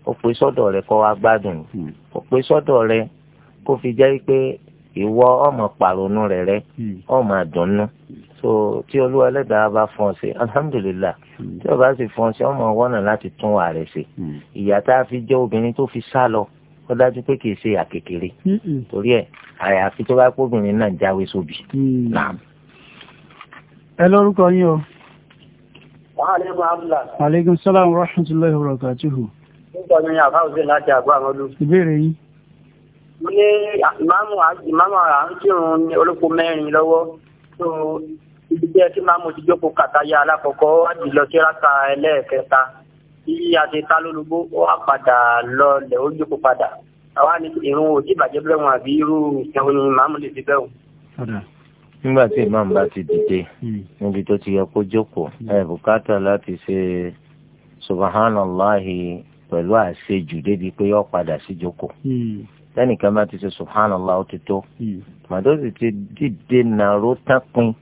Speaker 1: ó pé sọ́dọ̀ rẹ̀ kó wá gbádùn ni ó pé sọ́dọ̀ rẹ̀ kó fi jẹ́ pé ìwọ ọmọ pàrọnù rẹ rẹ ọmọ àdùnnú so tí olúwa ẹlẹ́dàá bá fún ọ sí alhamdulilah tí o bá sì fún ọ sí ọmọ wọnà láti tún wà rẹ sí ìyá tá a fi jẹ obìnrin tó fi sá lọ ó dájú pé kìí ṣe àkékeré hmm. torí ẹ àyàfi tó bá kóbìnrin náà jáwé sóbì.
Speaker 4: Hmm.
Speaker 3: ẹ lórúkọ yín o.
Speaker 2: wàhálẹ́gùn abdullah.
Speaker 1: aleykum
Speaker 3: salaam wa rahmatulahi wa barakatuhu. ìbéèrè yìí.
Speaker 2: mo ní ìmáàmù ìmáàmù àrùnkírun ní olóko mẹ́rin lọ́wọ́ tó ibi tí ẹ ti máa mo ti jókòó kàtàyà alákọ̀ọ́kọ́ wá lọ ẹlẹ́ẹ̀kẹta tí a ti ta lólobó ó wá padà lọlẹ̀ ó jókòó padà irun bàjẹ́ bẹ́ẹ̀ wọn àbí irú ìṣẹ́wọ́n
Speaker 1: ti dìde hmm. níbi tó ti yẹ kó jókòó ẹ hmm. bùkátà láti ṣe subahánàláhi pẹ̀lú àṣejù débi tẹnìkan bá ti ṣe subhanallah ó ti tó hmm. màdóòsì ti dìde nàró tápin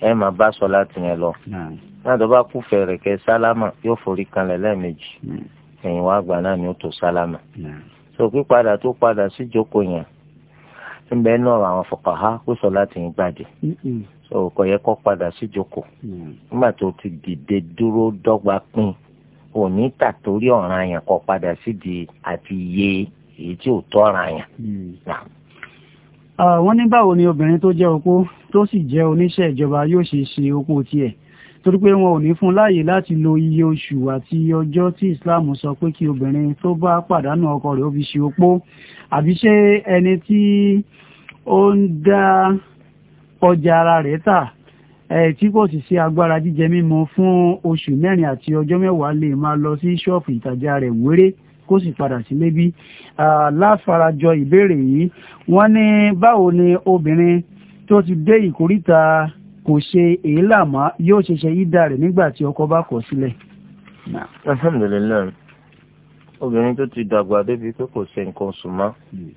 Speaker 1: ẹ máa bá sọ láti yẹn lọ hmm. náà tó bá kú fẹ̀rẹ̀ kẹ sálámà yóò forí kanlẹ̀ lẹ́ẹ̀mejì hmm. ẹ̀yìn wá gbà náà ni ó tó sálámà so pípadà tó padà sí joko, yẹn ń bẹ náà àwọn fuqaha kó sọ láti yẹn gbàdé so kò yẹ kó padà sí ìjókòó nígbà tó ti dìde dúró dọ́gba pín òní tàtórí ọ̀ràn yẹn kó padà sídìí àti yé èyí tí ò tọ́ra yẹn. Hmm.
Speaker 3: wọ́n ní báwo ni obìnrin tó jẹ́ opó tó sì jẹ́ oníṣẹ́ ìjọba yóò ṣe ṣe opó tiẹ̀ torí pé wọn ò ní fún láàyè láti lo iye oṣù àti ọjọ́ tí Islam sọ pé kí obìnrin tó bá pàdánù ọkọ rẹ̀ ó fi ṣe opó àbí ṣé ẹni tí ó ń dá ọjà ara rẹ̀ tà tí kò sì sí agbára jíjẹ mímu fún oṣù mẹ́rin àti ọjọ́ mẹ́wàá lè máa lọ sí ṣọ́ọ̀fù ìtajà rẹ̀ wéré kó sì padà sí lébí láfarajọ ìbéèrè yìí wọ́n ní báwo ni obìnrin tó ti dé ìkórìtà kò ṣe èélà mọ́ yóò ṣe ṣe yídà rẹ̀ nígbà tí ọkọ bá kọ̀ sílẹ̀.
Speaker 1: alhamdulilayi obìnrin tó ti dàgbà débi pé kò ṣe nǹkan oṣù mọ́ hmm.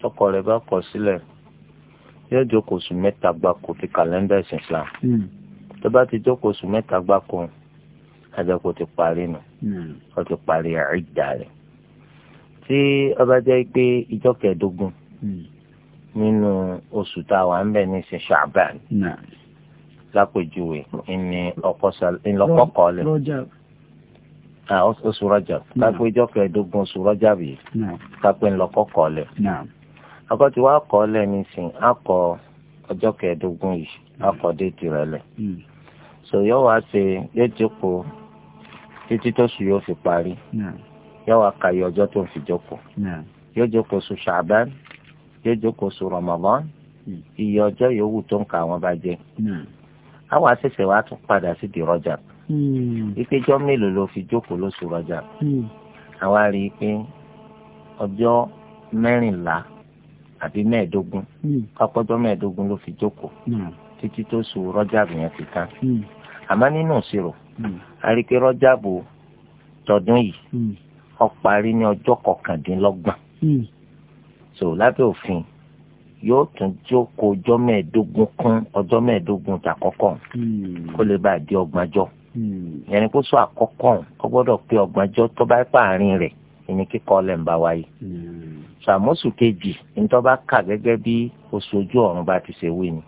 Speaker 1: tọkọ rẹ̀ bá kọ̀ sílẹ̀ yóò jókòó oṣù mẹ́ta gbáko ti kàlẹ́ndà ìsìn Islam hmm. tó bá ti jókòó oṣù mẹ́ta gbáko àjẹkù ti parí nù hmm. ó ti parí ẹ̀ẹ́dà rẹ̀. tí ọba jẹ́ pé ìjọ kẹẹ̀ẹ́dógún hmm. nínú oṣù tá a wà ń bẹ̀ ní sin ṣàbàn lápèjúwe ní ọkọ̀kọ̀ọ́lẹ̀ oṣù rọjà kápẹ́ ìjọ kẹẹ̀ẹ́dógún oṣù rọjà bìí kápẹ́ ńlọkọ̀kọ̀ọ́lẹ̀ ọkọ̀ tí wàá kọ́ ọ́lẹ̀ ní akọ ọjọ́ kẹẹ̀ẹ́dógún yìí akọ dé tirẹ̀ lẹ̀ hmm. sọ yóò wá ṣe yóò ti kú títí tó sùn yóò fi parí. yóò wá ka iye ọjọ́ tó ń fi jókòó yóò jókòó oṣù ṣàbán yóò jókòó oṣù rọmọbọ́n hmm. iye ọjọ́ yòówù tó ń ka àwọn bá jẹ àwọn àṣẹṣẹ wa tún padà sí di rọjà ìpéjọ hmm. mélòó ló fi jókòó lóṣù rọjà àwa hmm. rí i pé ọjọ́ mẹ́rìnlá àbí mẹ́ẹ̀ẹ́dógún kápọ́jọ́ mẹ́ẹ̀ẹ́dógún ló fi jókòó títí tó su rọ́jàbù yẹn ti tán àmọ́ nínú ìṣirò a rí i pé rọ́jàbù tọdún yìí ó parí ní ọjọ́ kọkàndínlọ́gbọ̀n hmm. so lábẹ́ òfin yóò tún jókòó ọjọ́ mẹ́ẹ̀ẹ́dógún kún ọjọ́ mẹ́ẹ̀ẹ́dógún tàkọ́kọ́
Speaker 4: hmm. kó
Speaker 1: lè bá a di ọgbọ̀njọ́ hmm. yẹnni kó sọ àkọ́kọ́ ọ gbọ́dọ̀ pé ọgbọ̀njọ́ tó bá pààrin rẹ̀ ẹni kíkọ́ lẹ̀ ń bá wáyé sàmóṣù kejì ní tó bá kà gẹ́gẹ́ bí oṣù ojú ọ̀run bá ti ṣe wí ni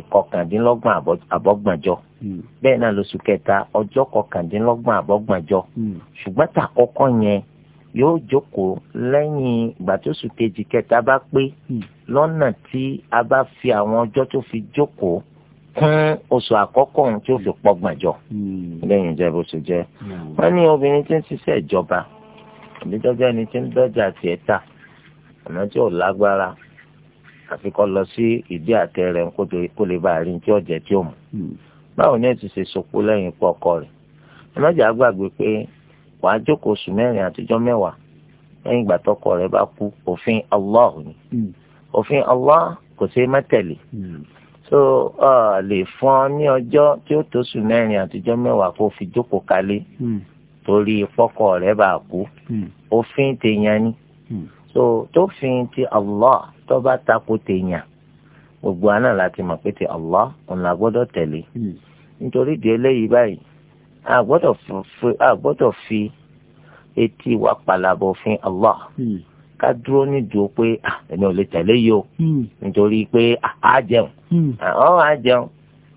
Speaker 1: ìkọkàndínlọ́gbọ̀n àbọ̀gbọ̀njọ́ hmm. bẹ́ẹ̀ náà lóṣù kẹta ọjọ́ kọkàndínlọ́gbọ̀n àbọ̀gbọ̀njọ́ hmm. ṣùgbọ́n tà kọ́kọ́ yẹn yóò jókòó lẹ́yìn ìgbà tó sùn kejì kẹta bá pé hmm. lọ́nà tí a bá fi àwọn ọjọ́ tó fi jókòó kún oṣù àkọ́kọ́ ohun tí ó fi pọ́gbọ̀n jọ lẹ́yìn ìjẹ́bù oṣù jẹ́ wọ́n ní obìnrin tí ń ṣiṣẹ́ ìjọba ìdíjọ́jọ́ ẹni tí ń dọ́jà tiẹ̀ tà àmọ́ tí ò lágbára àfi kọ́ lọ sí ìdí àtẹ rẹ̀ kó lè bá àárín tí ọ̀jẹ̀ tí ò mú. Hmm. báwo ni ẹ ti ṣe sopó lẹ́yìn ikú ọkọ rẹ̀ ẹ gbàgbé pé wàá jókòó oṣù mẹ́rin àtijọ́ mẹ́wàá lẹ́yìn ìgbà tọkọ rẹ̀ bá kú òfin Allah ni hmm. òfin Allah kò ṣeé má tẹ̀lé hmm. so lè fún ọ ní ọjọ́ tí ó tó oṣù mẹ́rin àtijọ́ mẹ́wàá kó fi jókòó kalẹ̀ torí pọ́kọ rẹ̀ bá kú òfin tèèyàn ni. so tófin ti Allah tọba bá takò gbogbo àná láti mọ̀ pé ti Allah ọ̀nà àgbọ́dọ̀ tẹ̀lé hmm. nítorí di eléyìí báyìí àgbọ́dọ̀ fi etí wa pàlàbọ̀ fún Allah hmm. ká dúró nídùú pé ah, èmi ò lè tẹ̀lé yìí o hmm. nítorí pé ah, a jẹun àwọn ah, á jẹun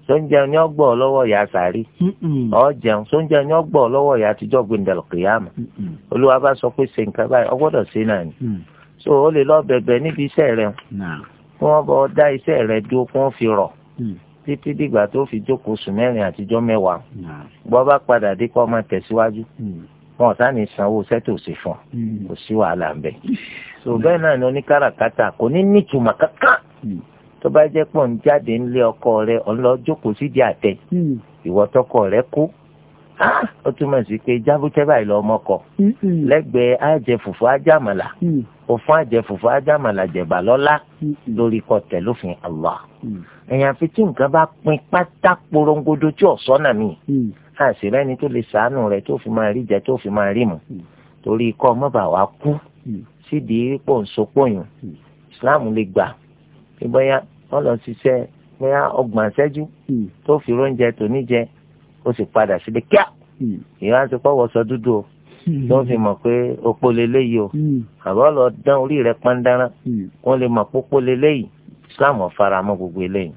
Speaker 1: sóúnjẹ ni ọgbọ lọ́wọ́ ìyá sàárì ọjẹun sóúnjẹ ni ọgbọ lọ́wọ́ ìyá àtijọ́ gbendẹlọ kìyàmù olúwa bá sọ pé ṣe nǹkan báyìí ọgbọ́dọ̀ ṣe náà ni mm. so o lè lọ bẹ̀bẹ̀ níbi iṣẹ́ rẹ kí wọn bọ dá iṣẹ́ rẹ dúró kí wọn fi rọ mm. títí dìgbà tó fi jókòó sùn mẹ́rin àtijọ́ mẹ́wàá tó bá jẹ́ pọ̀ ń jáde ńlé ọkọ rẹ ọ̀nlọ́ jókòó sídìí àtẹ hmm. ìwọ tọkọ rẹ kú ah! ó túmọ̀ sí pé jábútẹ́ báyìí lọ́mọ kọ hmm, hmm. lẹ́gbẹ̀ẹ́ àjẹfùfù ajámàlà òfun àjẹfùfù ajámàlà jẹ̀bà lọ́lá lórí kọtẹ lófin Allah ẹ̀yàn àfi tí nǹkan bá pin pátá porongodo tí ọ̀sọ́ náà mi àṣìrẹ́ ni tó lè sàánù rẹ tó fi máa rí jẹ tó fi máa rí mu torí ikọ́ mọ́bà wa kú sídìí pọ̀ ń sopọ̀ yùn Islam lè gbà ìbọyá wọn lọ ṣiṣẹ́ bóyá ọgbọ̀n ṣẹ́jú hmm. tó fi oúnjẹ tòní jẹ ó sì padà síbi kíá hmm. ìyá ti pọ̀ wọṣọ dúdú o
Speaker 4: hmm. tó fi mọ̀
Speaker 1: pé opó leléyìí o àbọ̀ lọ dán orí rẹ̀ pọ́ndára wọ́n lè mọ̀ pópó leléyìí Islam ọ̀fara mọ́ gbogbo eléyìí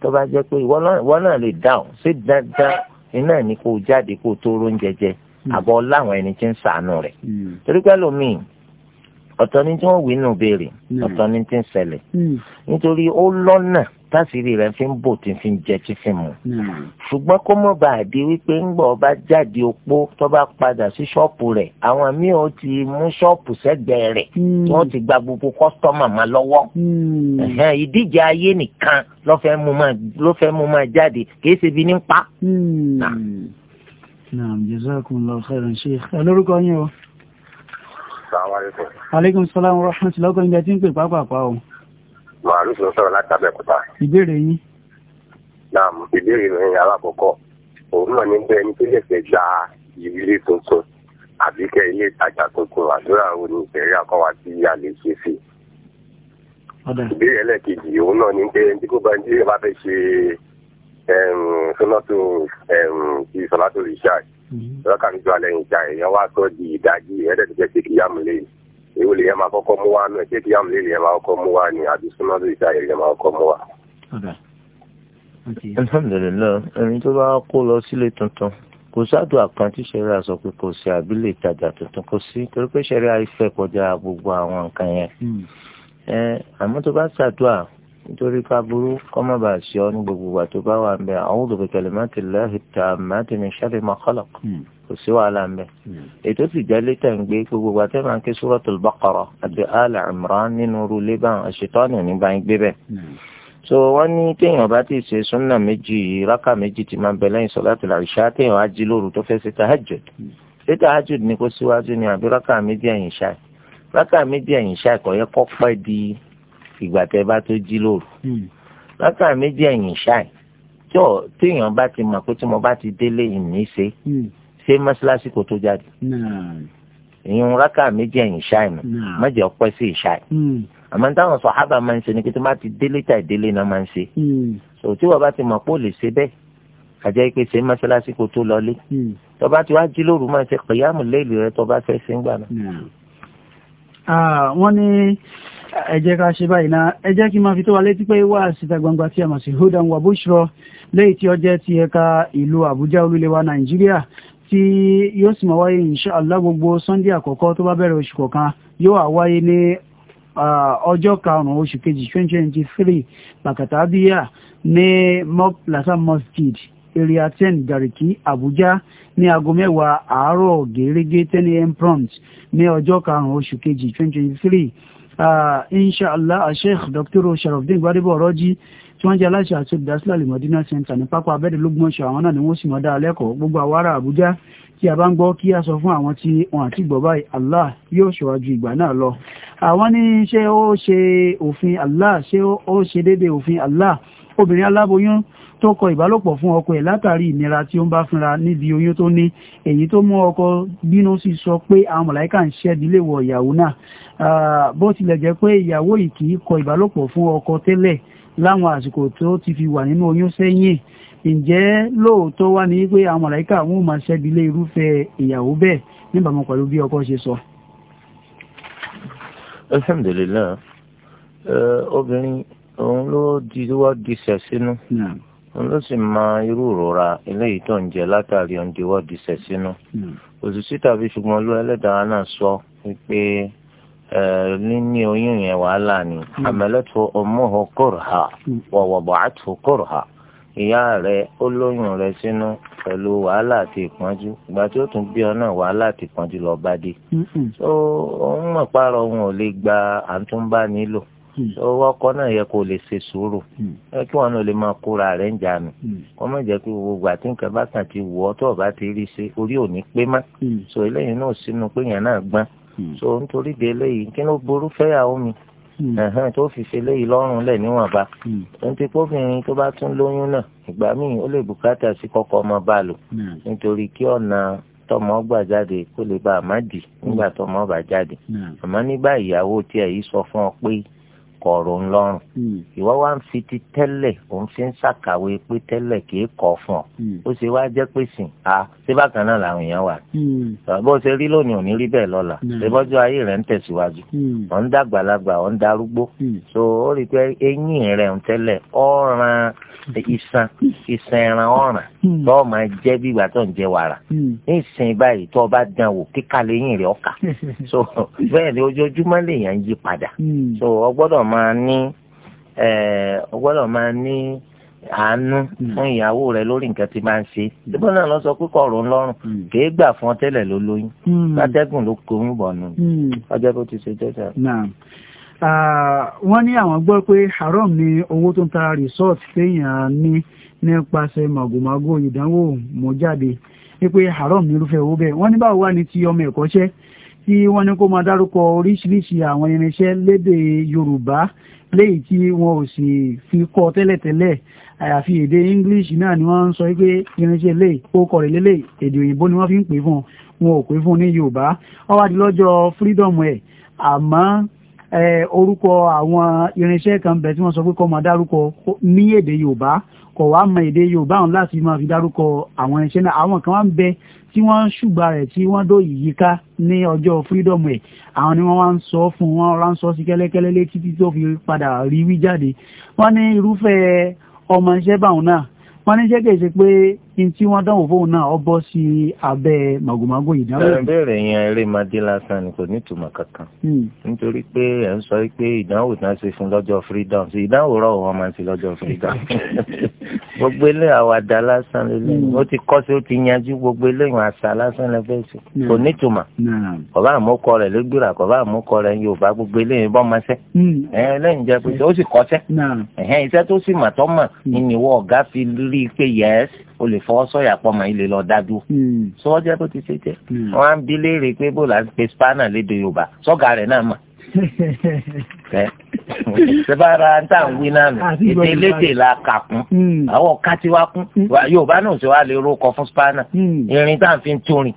Speaker 1: tó bá jẹ́ pé ìwọ náà lè dáhùn ṣé dandan iná ní kó jáde kó tó oúnjẹ jẹ àbọ̀ láwọn ẹni tí ń ṣàánú rẹ̀ torí pẹ́ lómi ọ̀tọ̀ ni tí wọ́n wí nù béèrè hmm. ọ̀tọ̀ ni tí ń ṣẹlẹ̀ hmm. nítorí ó lọ́nà tásìrì rẹ̀ fi ń bò tí fi ń jẹ tí fi mu hmm. ṣùgbọ́n kó mọ̀ bá àdé wípé ńgbọ̀ ọba jáde opó tó bá padà sí ṣọ́ọ̀pù rẹ̀ àwọn míì ó ti mú ṣọ́ọ̀pù sẹ́gbẹ̀ẹ́ rẹ̀ wọ́n ti gba gbogbo kọ́sítọ́mà máa lọ́wọ́ ìdíje ayé nìkan ló fẹ́ mú máa jáde kìí ṣe bí ní pa.
Speaker 3: naam jazakumullahu khairan sheikh ẹ lórúkọ yín o aleykum salaam wa rahmatulah ọkọ ìgbà tí ń pè pápápá o.
Speaker 2: màálù sọ sọ̀rọ̀ láti Abẹ́òkúta. ìbéèrè yín. náà ìbéèrè mi alákọ̀ọ́kọ́ òun náà ní bẹ́ẹ̀ ní tó lè gba ìrírí tuntun àbí kẹ́ ilé ìtajà tuntun àdúrà wo ni ìbẹ̀rẹ̀ àkọ́wà tí a lè ṣe sí. ìbéèrè ẹlẹ́kejì òun náà ní bẹ́ẹ̀ ní kó bá ní bá fẹ́ ṣe sọ́nà tó ti sọ́nà tó rí ṣáàjì lọ́kà mm-hmm. ń jọ alẹ́ ìjà èèyàn wá sọ di ìdajì ìyẹn dẹ̀ ti jẹ́ ṣèkíyàmù lẹ́yìn èwo lè yẹn máa kọ́kọ́ mú wá nù ẹ̀ ṣèkíyàmù lẹ́yìn yẹn máa kọ́kọ́ mú wá ni àbí súnmọ́ bí ìjà yẹn máa kọ́kọ́ mú wá.
Speaker 1: alhamdulilayi ẹni tó bá kó lọ sílé tuntun kò sádùn àkáǹtì ṣẹlẹ sọ pé kò sí àbílẹ̀ ìtajà tuntun kò sí torí pé ṣẹlẹ àìfẹ́ kọjá gbogbo àwọn nǹkan yẹn mm. àmọ́ tó bá sàdúà nítorí ká burú kọ́mọ̀ bá ṣe ọ ní gbogbo ìgbà tó bá wà ń bẹ a'udhu bi kalimatillahi tammati min sharri ma khalaq hmm. kò sí wàhálà ń bẹ. Hmm. ètò sì jẹ́ létà ń gbé gbogbo ìgbà tẹ́ máa ń ké suratul baqara àti ala imran nínú irú lébà àṣetọ́nù ní bá ń gbé bẹ́ẹ̀. Hmm. so wọ́n ní téèyàn bá ti ṣe súnà méjì rákà méjì ti máa bẹ lẹ́yìn salatul àfìgbà tẹ́ bá tó jí lóru rákà hmm. méjì ẹ̀yìn ṣáì tí ò téèyàn bá ti mọ̀ pé tí mo bá ti délé ìní ṣe hmm. ṣé mọ́ṣáláṣí kò tó jáde ìyẹn rákà méjì ẹ̀yìn ṣáì nù mọ́jẹ̀ ọpẹ́ sí ìṣáì hmm. àmọ́ táwọn sọ̀hábà máa ń ṣe ni pé tí wọ́n bá ti délé tà ìdélé náà máa ń ṣe tí wọ́n bá ti mọ̀ pé ò lè ṣe bẹ́ẹ̀ àjẹ́ pé ṣe mọ́ṣáláṣí kò tó lọlé tó bá ti wá jí lóru máa ṣe kìyàmù léèlì rẹ tó bá fẹ́
Speaker 3: wọ́n ní ẹ jẹ́ ká ṣe báyìí náà ẹ jẹ́ kí n máa fi tó wa létí pé wá síta gbangba tí a mọ̀ sí hudan wa bushro lẹ́yìn tí ó jẹ́ ti ẹ̀ka ìlú àbújá olúlé wa nàìjíríà tí yóò sì máa wáyé inshallah gbogbo sunday àkọ́kọ́ tó bá bẹ̀rẹ̀ oṣù kọ̀ọ̀kan yóò wá wáyé ní ọjọ́ karùn-ún oṣù kejì twenty twenty three bàkàtà bíyà ní mọ́ plaza mosque area ten gariki abuja ní aago mẹ́wàá àárọ̀ gẹ́gẹ́ ten a.m. prompt ní ọjọ́ karùn-ún oṣù kejì twenty twenty three inshallah sheikh dr sharafdin gbadebo ọrọjí tí wọ́n jẹ́ aláṣẹ àti olùdásílẹ̀ alimọdínà center ní pápá abẹdẹlógúnmọṣọ àwọn náà ni wọ́n sì mọ dáa lẹ́kọ̀ọ́ gbogbo àwọn ará àbújá tí a bá ń gbọ́ kí a sọ fún àwọn tí wọ́n àti gbọ́ báyìí allah yóò ṣèwájú ìgbà náà lọ àwọn ní ṣé ó ṣe òfin allah ṣé ó ṣe déédéé òfin allah obìnrin aláboyún tó kọ ìbálòpọ̀ fún ọkọ ẹ̀ látàrí ìnira tí ó ń bá fúnra níbi oyún tó ní èyí tó mú ọkọ bínú sí sọ pé àwọn mọ̀láìkà ń ṣẹ́dílé wọ ìyàwó náà bó tilẹ̀ jẹ́ pé ìyàwó yìí kì í kọ ìbálòpọ̀ fún ọkọ tẹ́lẹ̀ láwọn àsìkò tó ti fi wà nínú oyún sẹ́yìn ǹjẹ́ lóòótọ́ wá ní pé àwọn mọ̀láìkà wọn ò máa ṣẹ́dílé irúfẹ́ ìyàwó bẹ́ẹ̀ níbàámu pẹ̀lú bí ọkọ ṣe sọ.
Speaker 1: alhamdulilayi obìnrin òun ló di wá di sẹ̀ sínú òun ló sì máa irú ìrora eléyìí tó ń jẹ látàrí òun di di òṣìṣẹ́ tàbí ṣùgbọ́n ló ẹlẹ́dàá náà sọ wípé níní oyún yẹn wàhálà ni àmẹ́lẹ́tò ọmọọ̀hó kòròhà wọ̀wọ̀bọ̀àtò kòròhà ìyá rẹ̀ ó lóyún rẹ̀ sínú pẹ̀lú wàhálà àti ìpọ́njú ìgbà tí ó tún bí ọ náà ọwọ́ hmm. ọkọ náà yẹ kó lè ṣe sùúrù hmm. ẹ kí wọn náà lè máa kóra rẹ ń jánu kọ́ mọ̀ jẹ́ pé gbogbo àti nǹkan bá kàn ti wù ọ́ tó ti rí ṣe orí òní ní pé má hmm. so eléyìí náà sínú pé yẹn náà gbọ́n so nítorí de eléyìí kí ló burú mi tó fi ṣe lọ́rùn lẹ̀ níwọ̀nba obìnrin tó bá tún lóyún náà ìgbà míì ó lè bùkátà sí kọ́kọ́ ọmọ bá nítorí kí ọ kọ̀ọ̀rọ̀ ńlọ́rùn hmm. ìwọ wá ń fi ti tẹ́lẹ̀ òun fi ń ṣàkàwé pé tẹ́lẹ̀ kìí kọ̀ fún ọ hmm. ó ṣe wá jẹ́ pé sìn á ṣé bákan náà làwọn èèyàn wà. Hmm. bó ṣe rí lónìí ò ní rí bẹ́ẹ̀ lọ́la ṣèbọ́jú ayé rẹ̀ ń tẹ̀síwájú ọ̀ ń dàgbàlagbà ọ̀ ń darúgbó so ó rí i pé eyín rẹ̀ ń tẹ́lẹ̀ ọ̀ràn iṣan iṣan ẹran ọ̀ràn tó máa jẹ́ bí ìgbà tó ń jẹ wàrà ní ìsìn báyìí tó bá dán wò kíkà lẹ́yìn rẹ̀ ọ̀kà so bẹ́ẹ̀ ni ojoojúmọ́ lèèyàn yí padà so ọ m máa ní ọ gbọ́dọ̀ máa ní àánú hmm. fún ìyàwó rẹ lórí nǹkan tí máa ń ṣe débò náà lọ sọ pé kọrọ ńlọrùn hmm. kìí gbà fún ọ tẹ́lẹ̀ ló lóyún látẹgùn hmm. ló kóyún bọ nù ọjọ́ bó ti ṣe jẹjẹ.
Speaker 3: wọ́n ní àwọn gbọ́ pé haram ni owó tó ń ta resort téèyàn ní nípasẹ̀ màgòmágó ìdánwò mọ́jáde pé haram ní irúfẹ́ owó bẹ́ẹ̀ wọ́n ní báwo wá ní ti ọmọ ẹ̀kọ́ṣẹ́ tí wọ́n ní kó máa dárúkọ oríṣiríṣi àwọn irinṣẹ́ lédè yorùbá léyìí tí wọn ò sì fi kọ́ tẹ́lẹ̀tẹ́lẹ̀ àyàfi èdè english náà ni wọ́n ń sọ pé irinṣẹ́ léyìí ó kọ̀ rẹ̀ lélẹ̀ èdè òyìnbó ni wọ́n fi ń pè fún wọn ò pè fún ní yorùbá wọ́n lọ́jọ́ freedom ẹ̀ àmọ́ orúkọ àwọn irinṣẹ́ kan bẹ̀ tí wọ́n sọ pé kó máa dárúkọ ní èdè yorùbá kọ̀ wá mọ èdè yorùbá ọ̀hún láti máa fi dárúkọ àwọn irinṣẹ́ náà àwọn kan wá ń bẹ tí wọ́n ń ṣùgbà rẹ̀ tí wọ́n dó yìí ní ọjọ́ freedom ẹ̀ àwọn ni wọ́n wá ń sọ fún wọn wá ń sọ sí kẹ́lẹ́kẹ́lẹ́ létí tí tó fi padà rí wí jáde wọ́n ní irúfẹ́ ọmọ iṣẹ́ báwọn náà wọ́n ní iṣẹ́ pé in tí wọ́n dánwò fóun náà ọ bọ́ sí abẹ́ màgòmágò ìdánwò.
Speaker 1: ìbéèrè yẹn erémadé lásán ni kò ní ìtumọ̀ kankan. Hmm. nítorí pé ẹ̀ ń sọ pé ìdánwò náà ṣe fún lọ́jọ́ freedom sí ìdánwò rọ̀ wọ́n máa ń ṣe lọ́jọ́ freedom. gbogbo ilé àwàdà lásán lélẹ́yìn hmm. ó ti kọ́ sí ó ti yanjú gbogbo ilé ìwọ̀n àṣà lásán lẹ́fẹ̀ẹ́ sí hmm. kò ní ìtumọ̀. kọ̀bá àmúkọ rẹ̀ ló gbéra kọ̀bá àmúkọ rẹ̀ Yorùbá gbogbo ilé ìbọn máa ṣẹ́. ẹ̀ẹ́n jẹ́ pé ó sì kọ́ ẹ̀hẹ́n iṣẹ́ tó sì mà tọ́ mà ni ìwọ ọ̀gá fi rí i pé yẹ́sì o lè fọwọ́ sọ̀yà pọ̀ mọ́ ilé lọ dájú. Hmm. sọ́jà tó ti ṣe jẹ́ hmm. wọ́n á ń bi léèrè pé bó la pe spanner lédè yorùbá sọ́gà rẹ̀ náà mà. sẹ́bàrà ń tà ń wí náà nù ètè elédè la kà kún hmm. àwọn kátí kún yorùbá náà sì wá lè rókọ fún spanner irin tá à ń fi túrin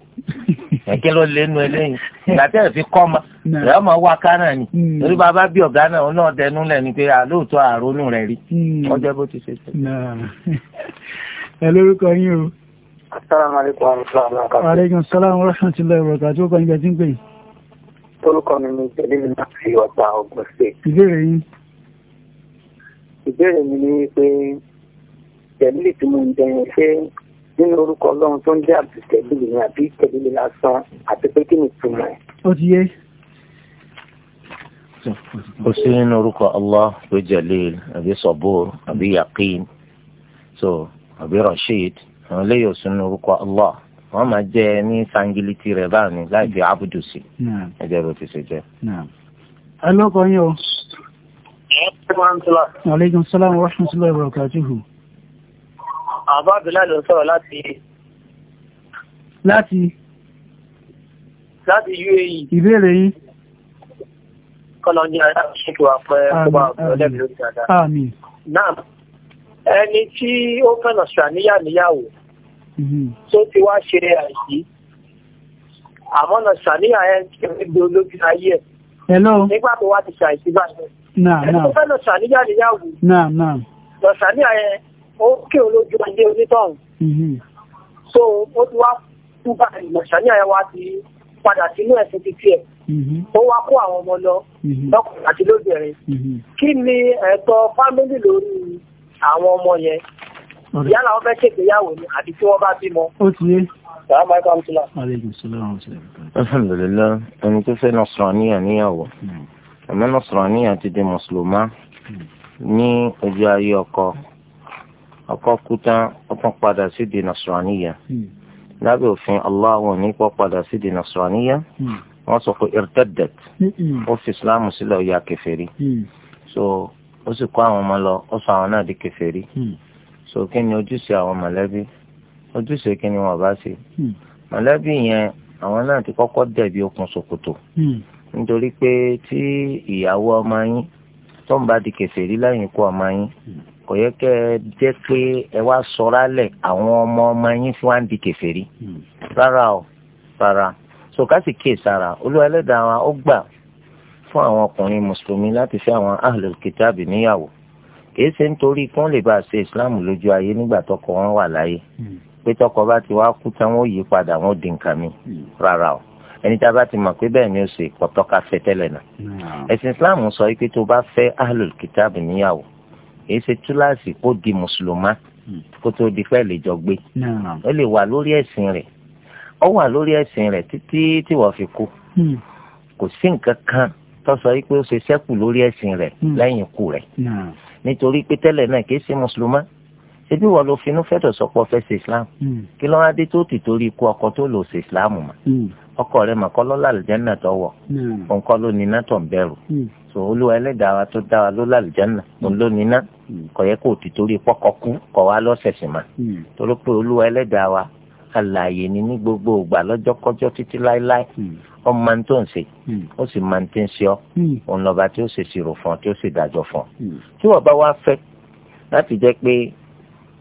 Speaker 1: ẹ̀kẹ́ ló lé nu eléyìí gàtẹ́ ẹ̀ fi kọ́ ma ẹ̀ ọmọ wa kánà ni torí bàbá bí ọ̀gá náà ó náà dẹnu pé àlóòótọ́ àrònú rẹ̀ rí ọjọ́ bó ti ṣe ṣe.
Speaker 3: ẹ lórúkọ yín o.
Speaker 1: asalaamualeykum wa
Speaker 3: rahmatulahi wa barakatuh ó kọ́ nígbà tí ń pè yín.
Speaker 2: orúkọ mi ni jẹ́lẹ́mi láti ọ̀tà ọgbọ̀n ṣe. ìbéèrè yín. ìbéèrè mi ni pé jẹ̀lẹ́lì tí mo ń jẹun ṣé nínú orúkọ ọlọ́run tó ń jẹ́ àbùtẹ̀lẹ́lì ni àbí tẹ̀lẹ́lì lásán àti pé kí ni ìtumọ̀ ẹ̀.
Speaker 4: ó ti
Speaker 3: yé
Speaker 1: ó sí nínú orúkọ allah tó jẹlẹl àbí sọbúr àbí yaqin so àbí rasheed àwọn eléyìí ò sínú orúkọ allah wọn máa jẹ ní sangiliti rẹ báyìí láì fi abudu sí ẹjẹ ló ti ṣe jẹ.
Speaker 3: ẹ lọ́kọ̀ yín o. aleykum salaam wa rahmatulahi wa barakatuhu.
Speaker 2: àbá bilal ló sọ̀rọ̀ láti. láti. láti uae. ìbéèrè yín. kọ́lọ́ ní aláṣẹ́kù àpẹẹrẹ kó bá ọ̀dọ́ lẹ́bi lórí dáadáa. náà ẹni tí ó fẹ̀nà ṣàníyà níyàwó mm-hmm. tó ti wá ṣe àìsí àmọ́ nà ṣàníyà ẹ gbé olójú ayé ẹ̀ nígbà tó wá ti ṣàìsí báyìí ẹni tó fẹ̀nà ṣàníyà níyàwó
Speaker 3: nà
Speaker 2: ṣàníyà ẹ ó kí olójú ayé onítọ̀hún mm-hmm. so ó ti wá kú báyìí nà ṣàníyà ẹ wá ti padà sínú ẹ̀sìn títí ẹ̀ mm-hmm. ó wá kó àwọn ọmọ lọ lọ́kùnrin àti lóbìnrin kí ni ẹ̀tọ́ fámílì lórí àwọn ọmọ yẹn yálà wọ́n fẹ́ ṣègbéyàwó ni àbí tí wọ́n bá bímọ.
Speaker 4: ó
Speaker 1: ti yé. alhamdulilayi ẹni tó fẹ́ nọ̀sọ̀rọ̀níyà níyàwó ẹ̀mẹ́ hmm. nọ̀sọ̀rọ̀níyà ti di mùsùlùmá hmm. ní ojú ayé ọkọ ọkọ kú tán ó tún padà sí di nọ̀sọ̀rọ̀níyà hmm. lábẹ́ òfin aláwọ̀ nípa padà sí di nọ̀sọ̀rọ̀níyà wọ́n sọ pé irtadat ó fi islam sílẹ̀ ó yà kèfèrí so ó sì kó àwọn ọmọ lọ ó sọ àwọn náà di kèfèrí hmm. so kí ni ojúṣe àwọn mọ̀lẹ́bí ojúṣe kí ni wọ́n bá ṣe hmm. mọ̀lẹ́bí yẹn àwọn náà ti kọ́kọ́ dẹ̀bi okùn ṣòkòtò hmm. nítorí pé tí ìyàwó ọmọ yín tó ń bá di kèfèrí lẹ́yìn ikú ọmọ yín kò yẹ kẹ́ ẹ jẹ́ pé ẹ wá sọ̀rọ̀ alẹ̀ àwọn ọmọ ọmọ yín tí wọ́n á di kèfèrí rárá o rárá so ká sì kíyèsára olúwa ẹlẹ́dàá wa ó gbà fún àwọn ọkùnrin mùsùlùmí láti fẹ́ àwọn ahlul kitabi níyàwó kìí ṣe nítorí kí wọ́n lè bá a ṣe islam lójú ayé nígbà tọkọ wọn wà láyé hmm. pé tọkọ bá ti wá kú tán wọ́n yí padà wọ́n di nǹkan mi hmm. rárá o ẹni tá a bá ti mọ̀ pé bẹ́ẹ̀ ni ó ṣe pọ̀tọ́ ká fẹ́ tẹ́lẹ̀ náà hmm. ẹ̀sìn islam sọ pé tó bá fẹ́ ahlul kitab níyàwó kìí ṣe túláàsì kó di mùsùlùmá kó tó di fẹ́ lè jọ gbé ó lè wà lórí ẹ̀sìn rẹ̀ ó wà lórí ẹ̀sìn rẹ̀ títí tí wọ́n fi kú kò sí nǹkan kan tó sọ wípé ó ṣe sẹ́kù lórí ẹ̀sìn rẹ̀ hmm. lẹ́yìn ikú rẹ̀ hmm. nítorí pé tẹ́lẹ̀ náà kì í ṣe mùsùlùmá ṣebí wọ́n ló finú fẹ́tọ̀ sọ́pọ̀ fẹ́ ṣe islam hmm. kí lọ́wọ́ adé tó ti torí ikú ọkọ tó lò ṣe islam mà ọkọ rẹ̀ mà kọ́ lọ́la àlùjáná tó wọ̀ òǹkọ́ ló ní iná tó ń bẹ̀rù so olúwa ẹlẹ́dàá wa tó dá wa ló lálùjáná òun ló ní iná kò ti torí pọ́kọ kú kọ̀ wá lọ́sẹ̀sìn mà torí pé olúwa ẹlẹ́dàá wa alààyè ni ní gbogbo ìgbà lọ́jọ́kọ́jọ́ títí láéláé ọ hmm. máa ń tó ń ṣe hmm. ó sì máa ń tí ń ṣe ọ hmm. òun lọ́ba tí ó ṣe ṣirò fún ọ tí ó sì dájọ́ fún ọ. tí wọ́n bá wá fẹ́ láti jẹ́ pé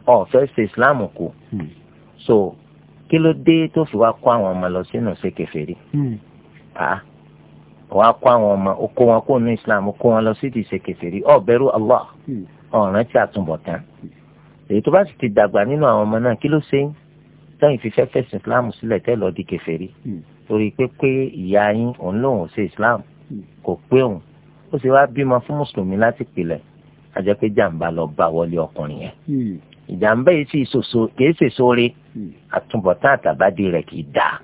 Speaker 1: ọ fẹ́ ṣe islam kù so kí ló dé tó fi wá kó àwọn ọmọ lọ sínú ṣe kèfèrí wàá kó àwọn ọmọ o kó wọn kó nu islam o kó wọn lọ sí ti ṣe ọ bẹ̀rù allah ọ̀ràn tí a túnbọ̀ tán èyí tó bá sì ti dàgbà nínú àwọn ọmọ náà kí ló ṣe yín tẹ́yìn fi fẹ́ islam sílẹ̀ tẹ́ lọ́ọ́ di kèfèrí hmm. torí pé pé ìyá yín òun lòun ṣe islam hmm. kò pé òun ó sì wáá bímọ fún mùsùlùmí láti pilẹ̀ àjẹ́ pé jàǹbá lọ bá wọlé ọkùnrin yẹn hmm. ìjàǹbá yìí sì ṣòṣo kìí ṣèṣore àtúbọ̀tán àtàbádé rẹ̀ kìí dáa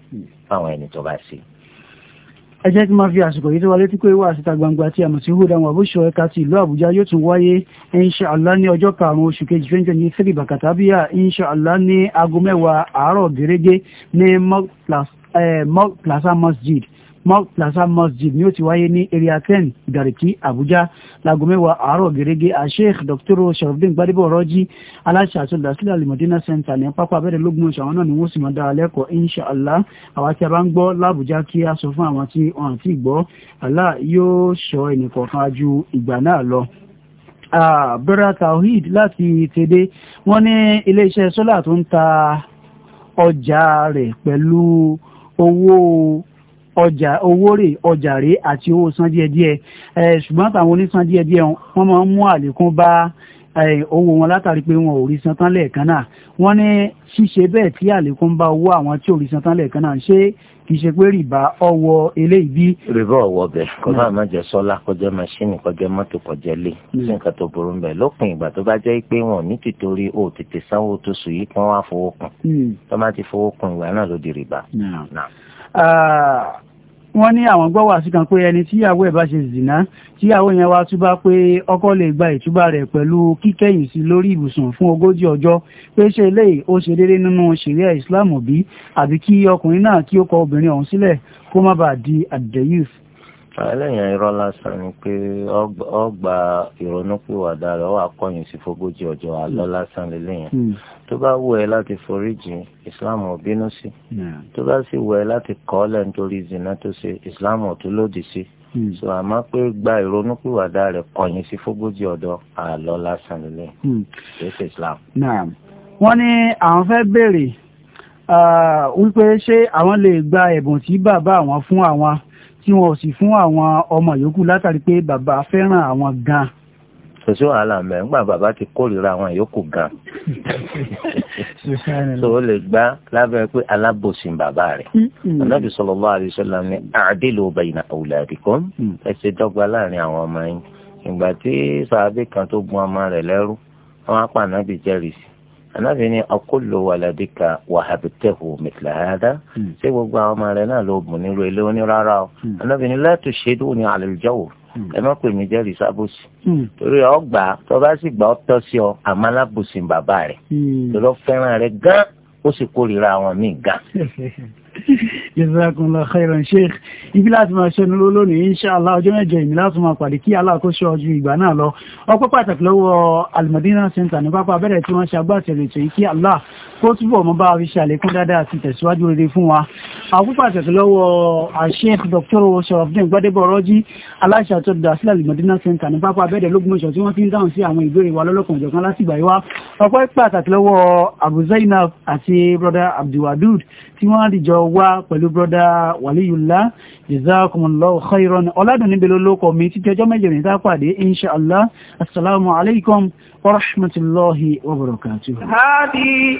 Speaker 1: fáwọn ẹni tó bá ṣe
Speaker 3: ẹ jẹ́ kí n máa fi àsìkò yìí tó wà létí pé wà síta gbangba tí a mọ̀ sí húdà wọn àbúṣọ ẹ̀ka ti ìlú àbújá yóò tún wáyé inṣàlá ní ọjọ́ karùn-ún oṣù kejì fẹ́ńjọ ní sẹ́rì bàkàtàbíyà inṣàlá ní aago mẹ́wàá àárọ̀ gẹ́gẹ́ ní mọ́ eh, plaza masjid mount plaza masjid ni ó ti wáyé ní area ten ìdàrẹ̀kí àbújá láago mẹ́wàá àárọ̀ gẹ́gẹ́ asheikh dr sharafdin gbadebo ọ̀rọ̀jì aláṣẹ àti olùdásílẹ̀ alimọ̀dínà center ní pápá abẹ́rẹ́ lógún oṣù àwọn náà ni wọ́n sì máa dára lẹ́kọ̀ọ́ inshallah àwa tí a bá ń gbọ́ lábújá kí a sọ fún àwọn tí wọn àti ìgbọ́ allah yóò sọ ẹnìkọ̀ọ̀kan ju ìgbà náà lọ bẹ́rẹ̀ tawhid láti tèdè wọ́n ní iléeṣẹ́ sólà tó ń ta ọjà rẹ̀ pẹ̀lú owó ọjà owó rè ọjà rè àti owó san díẹ̀díẹ̀ ṣùgbọ́n táwọn onísan díẹ̀díẹ̀ wọ́n máa ń mú àlékún bá owó wọn látàrí pé wọn ò rí san tán lẹ́ẹ̀kan náà wọ́n ní ṣíṣe bẹ́ẹ̀ tí àlékún bá owó àwọn tí ò rí san tán lẹ́ẹ̀kan náà ṣé kì í ṣe pé
Speaker 1: rìbá ọwọ́ eléyìí bí. rìbá ọwọ́ bẹ́ẹ̀ kọjá máa jẹ sọlá kọjá mẹṣíìnì kọjá mọ́tò kọjá lé sí hmm. nǹkan tó burú bẹ́ẹ̀ lópin ìgbà tó bá jẹ́ pé wọn ò ní tìtorí o tètè sanwó tó sùn yìí kí wọn wá fowó kún hmm. tó má ti fowó kún ìgbà náà ló di rìbá.
Speaker 3: Ah, wọ́n ní àwọn gbọ́ wàásù kan pé ẹni tíyàwó ẹ̀ bá ṣe zìnà tíyàwó yẹn wá túbá pé ọkọ lè gba ìtúbà rẹ̀ pẹ̀lú kíkẹ́yìn sí lórí ibùsùn fún ogójì ọjọ́ pé ṣe eléyìí ó ṣe déédéé nínú ṣẹ̀ríà ìsìláàmù bí àbí kí ọkùnrin náà kí ó kọ obìnrin ọ̀hún sílẹ̀ kó má bàa di àdìdẹ́yìí
Speaker 1: Ah, ẹlẹ́yìn irọ́ lásán ni pé ọgbà ìrònúpìwàdà rẹ̀ wà kọ́yìn sí fógójì ọjọ́ àlọ́ lásán lélẹ́yìn hmm. Hmm. tó bá wù ẹ́ láti foríjì ìsìláàmù ò bínú sí tó bá sì wù ẹ́ láti kọ̀ ọ́ lẹ̀ nítorí zina tó ṣe ìsìláàmù ò tún lòdì sí hmm. so àmọ́ pé gba ìrònúpìwàdà rẹ̀ kọ́yìn sí fógójì ọjọ́ àlọ́ lásán lélẹ́yìn kì í ṣe
Speaker 3: ìsìláàmù. wọ́n ní àwọn fẹ́ béèrè ah, wípé ṣé àwọn lè gba ẹ̀bùn tí bàbá àwọn fún àwọn tí wọn ò sì fún àwọn ọmọ yòókù látàrí pé bàbá fẹ́ràn àwọn
Speaker 1: gan. kò sí wàhálà mẹ́ nígbà bàbá ti kórìíra àwọn yòókù gan. so ó lè gbá lábẹ́ pé alábòsìn bàbá rẹ̀ anábì mm, mm. sallallahu alaihi wasallam ní a'dilu bayna awladikum mm. ẹ ṣe dọ́gba láàrin àwọn ọmọ yín ìgbà tí sàábì kan tó gun ọmọ rẹ̀ lẹ́rú wọn á pa ànábì jẹ́rìí sí anabi ni akólo waladika wahabitehu mitlahada hmm. ṣé gbogbo àwọn ọmọ rẹ náà ló bùn nílò ilé oní rárá o anabi ni láti ṣèdú ní àlùjáwò hmm. ẹ má pè mí jẹ́rìí sábòsì hmm. torí ọ gbà tó bá sì gbà ọ tọ́ sí ọ àmọ́ alábòsì bàbá rẹ torí ọ fẹ́ràn rẹ gan ó sì kórìíra àwọn míì gan
Speaker 3: jazakumullahu khairan sheikh ibi láti máa ṣẹ́nu ló lónìí inṣàlá ọjọ́ mẹ́jọ ìmí láti máa pàdé kí aláàkóso ọjọ́ ìgbà náà lọ ọpẹ́ pàtàkì lọ́wọ́ Al-Madina Center ní pápá abẹ́rẹ́ tí wọ́n ṣe agbáṣẹ́rẹ̀ ètò kí Allah kó túbọ̀ mọ́ bá fi ṣàlékún dáadáa àti tẹ̀síwájú rere fún wa àkókò àtẹ̀kù lọ́wọ́ Sheikh Dr. Sharafdin Gbadebo Ọrọ́jí aláṣà tó dá sílẹ̀ Al-Madina Center ní pápá abẹ́ẹ̀dẹ̀ lógúnmọ̀ṣọ́ tí wọ́n ti ń dáhùn sí àwọn ìbéèrè wa lọ́lọ́kan ìjọ̀kan láti ìgbà yíwá ọpẹ́ pàtàkì lọ́wọ́ Abu Zainab àti brother Abdulwadud tí wọ́n dìjọ wá pẹ̀lú brother Waliyullah jazakumullahu khairan ọ̀làdùn níbi lólókọ̀ mi títí ọjọ́ mẹ́jọ ní tá pàdé inshallah assalamu alaikum ورحمة الله وبركاته هذه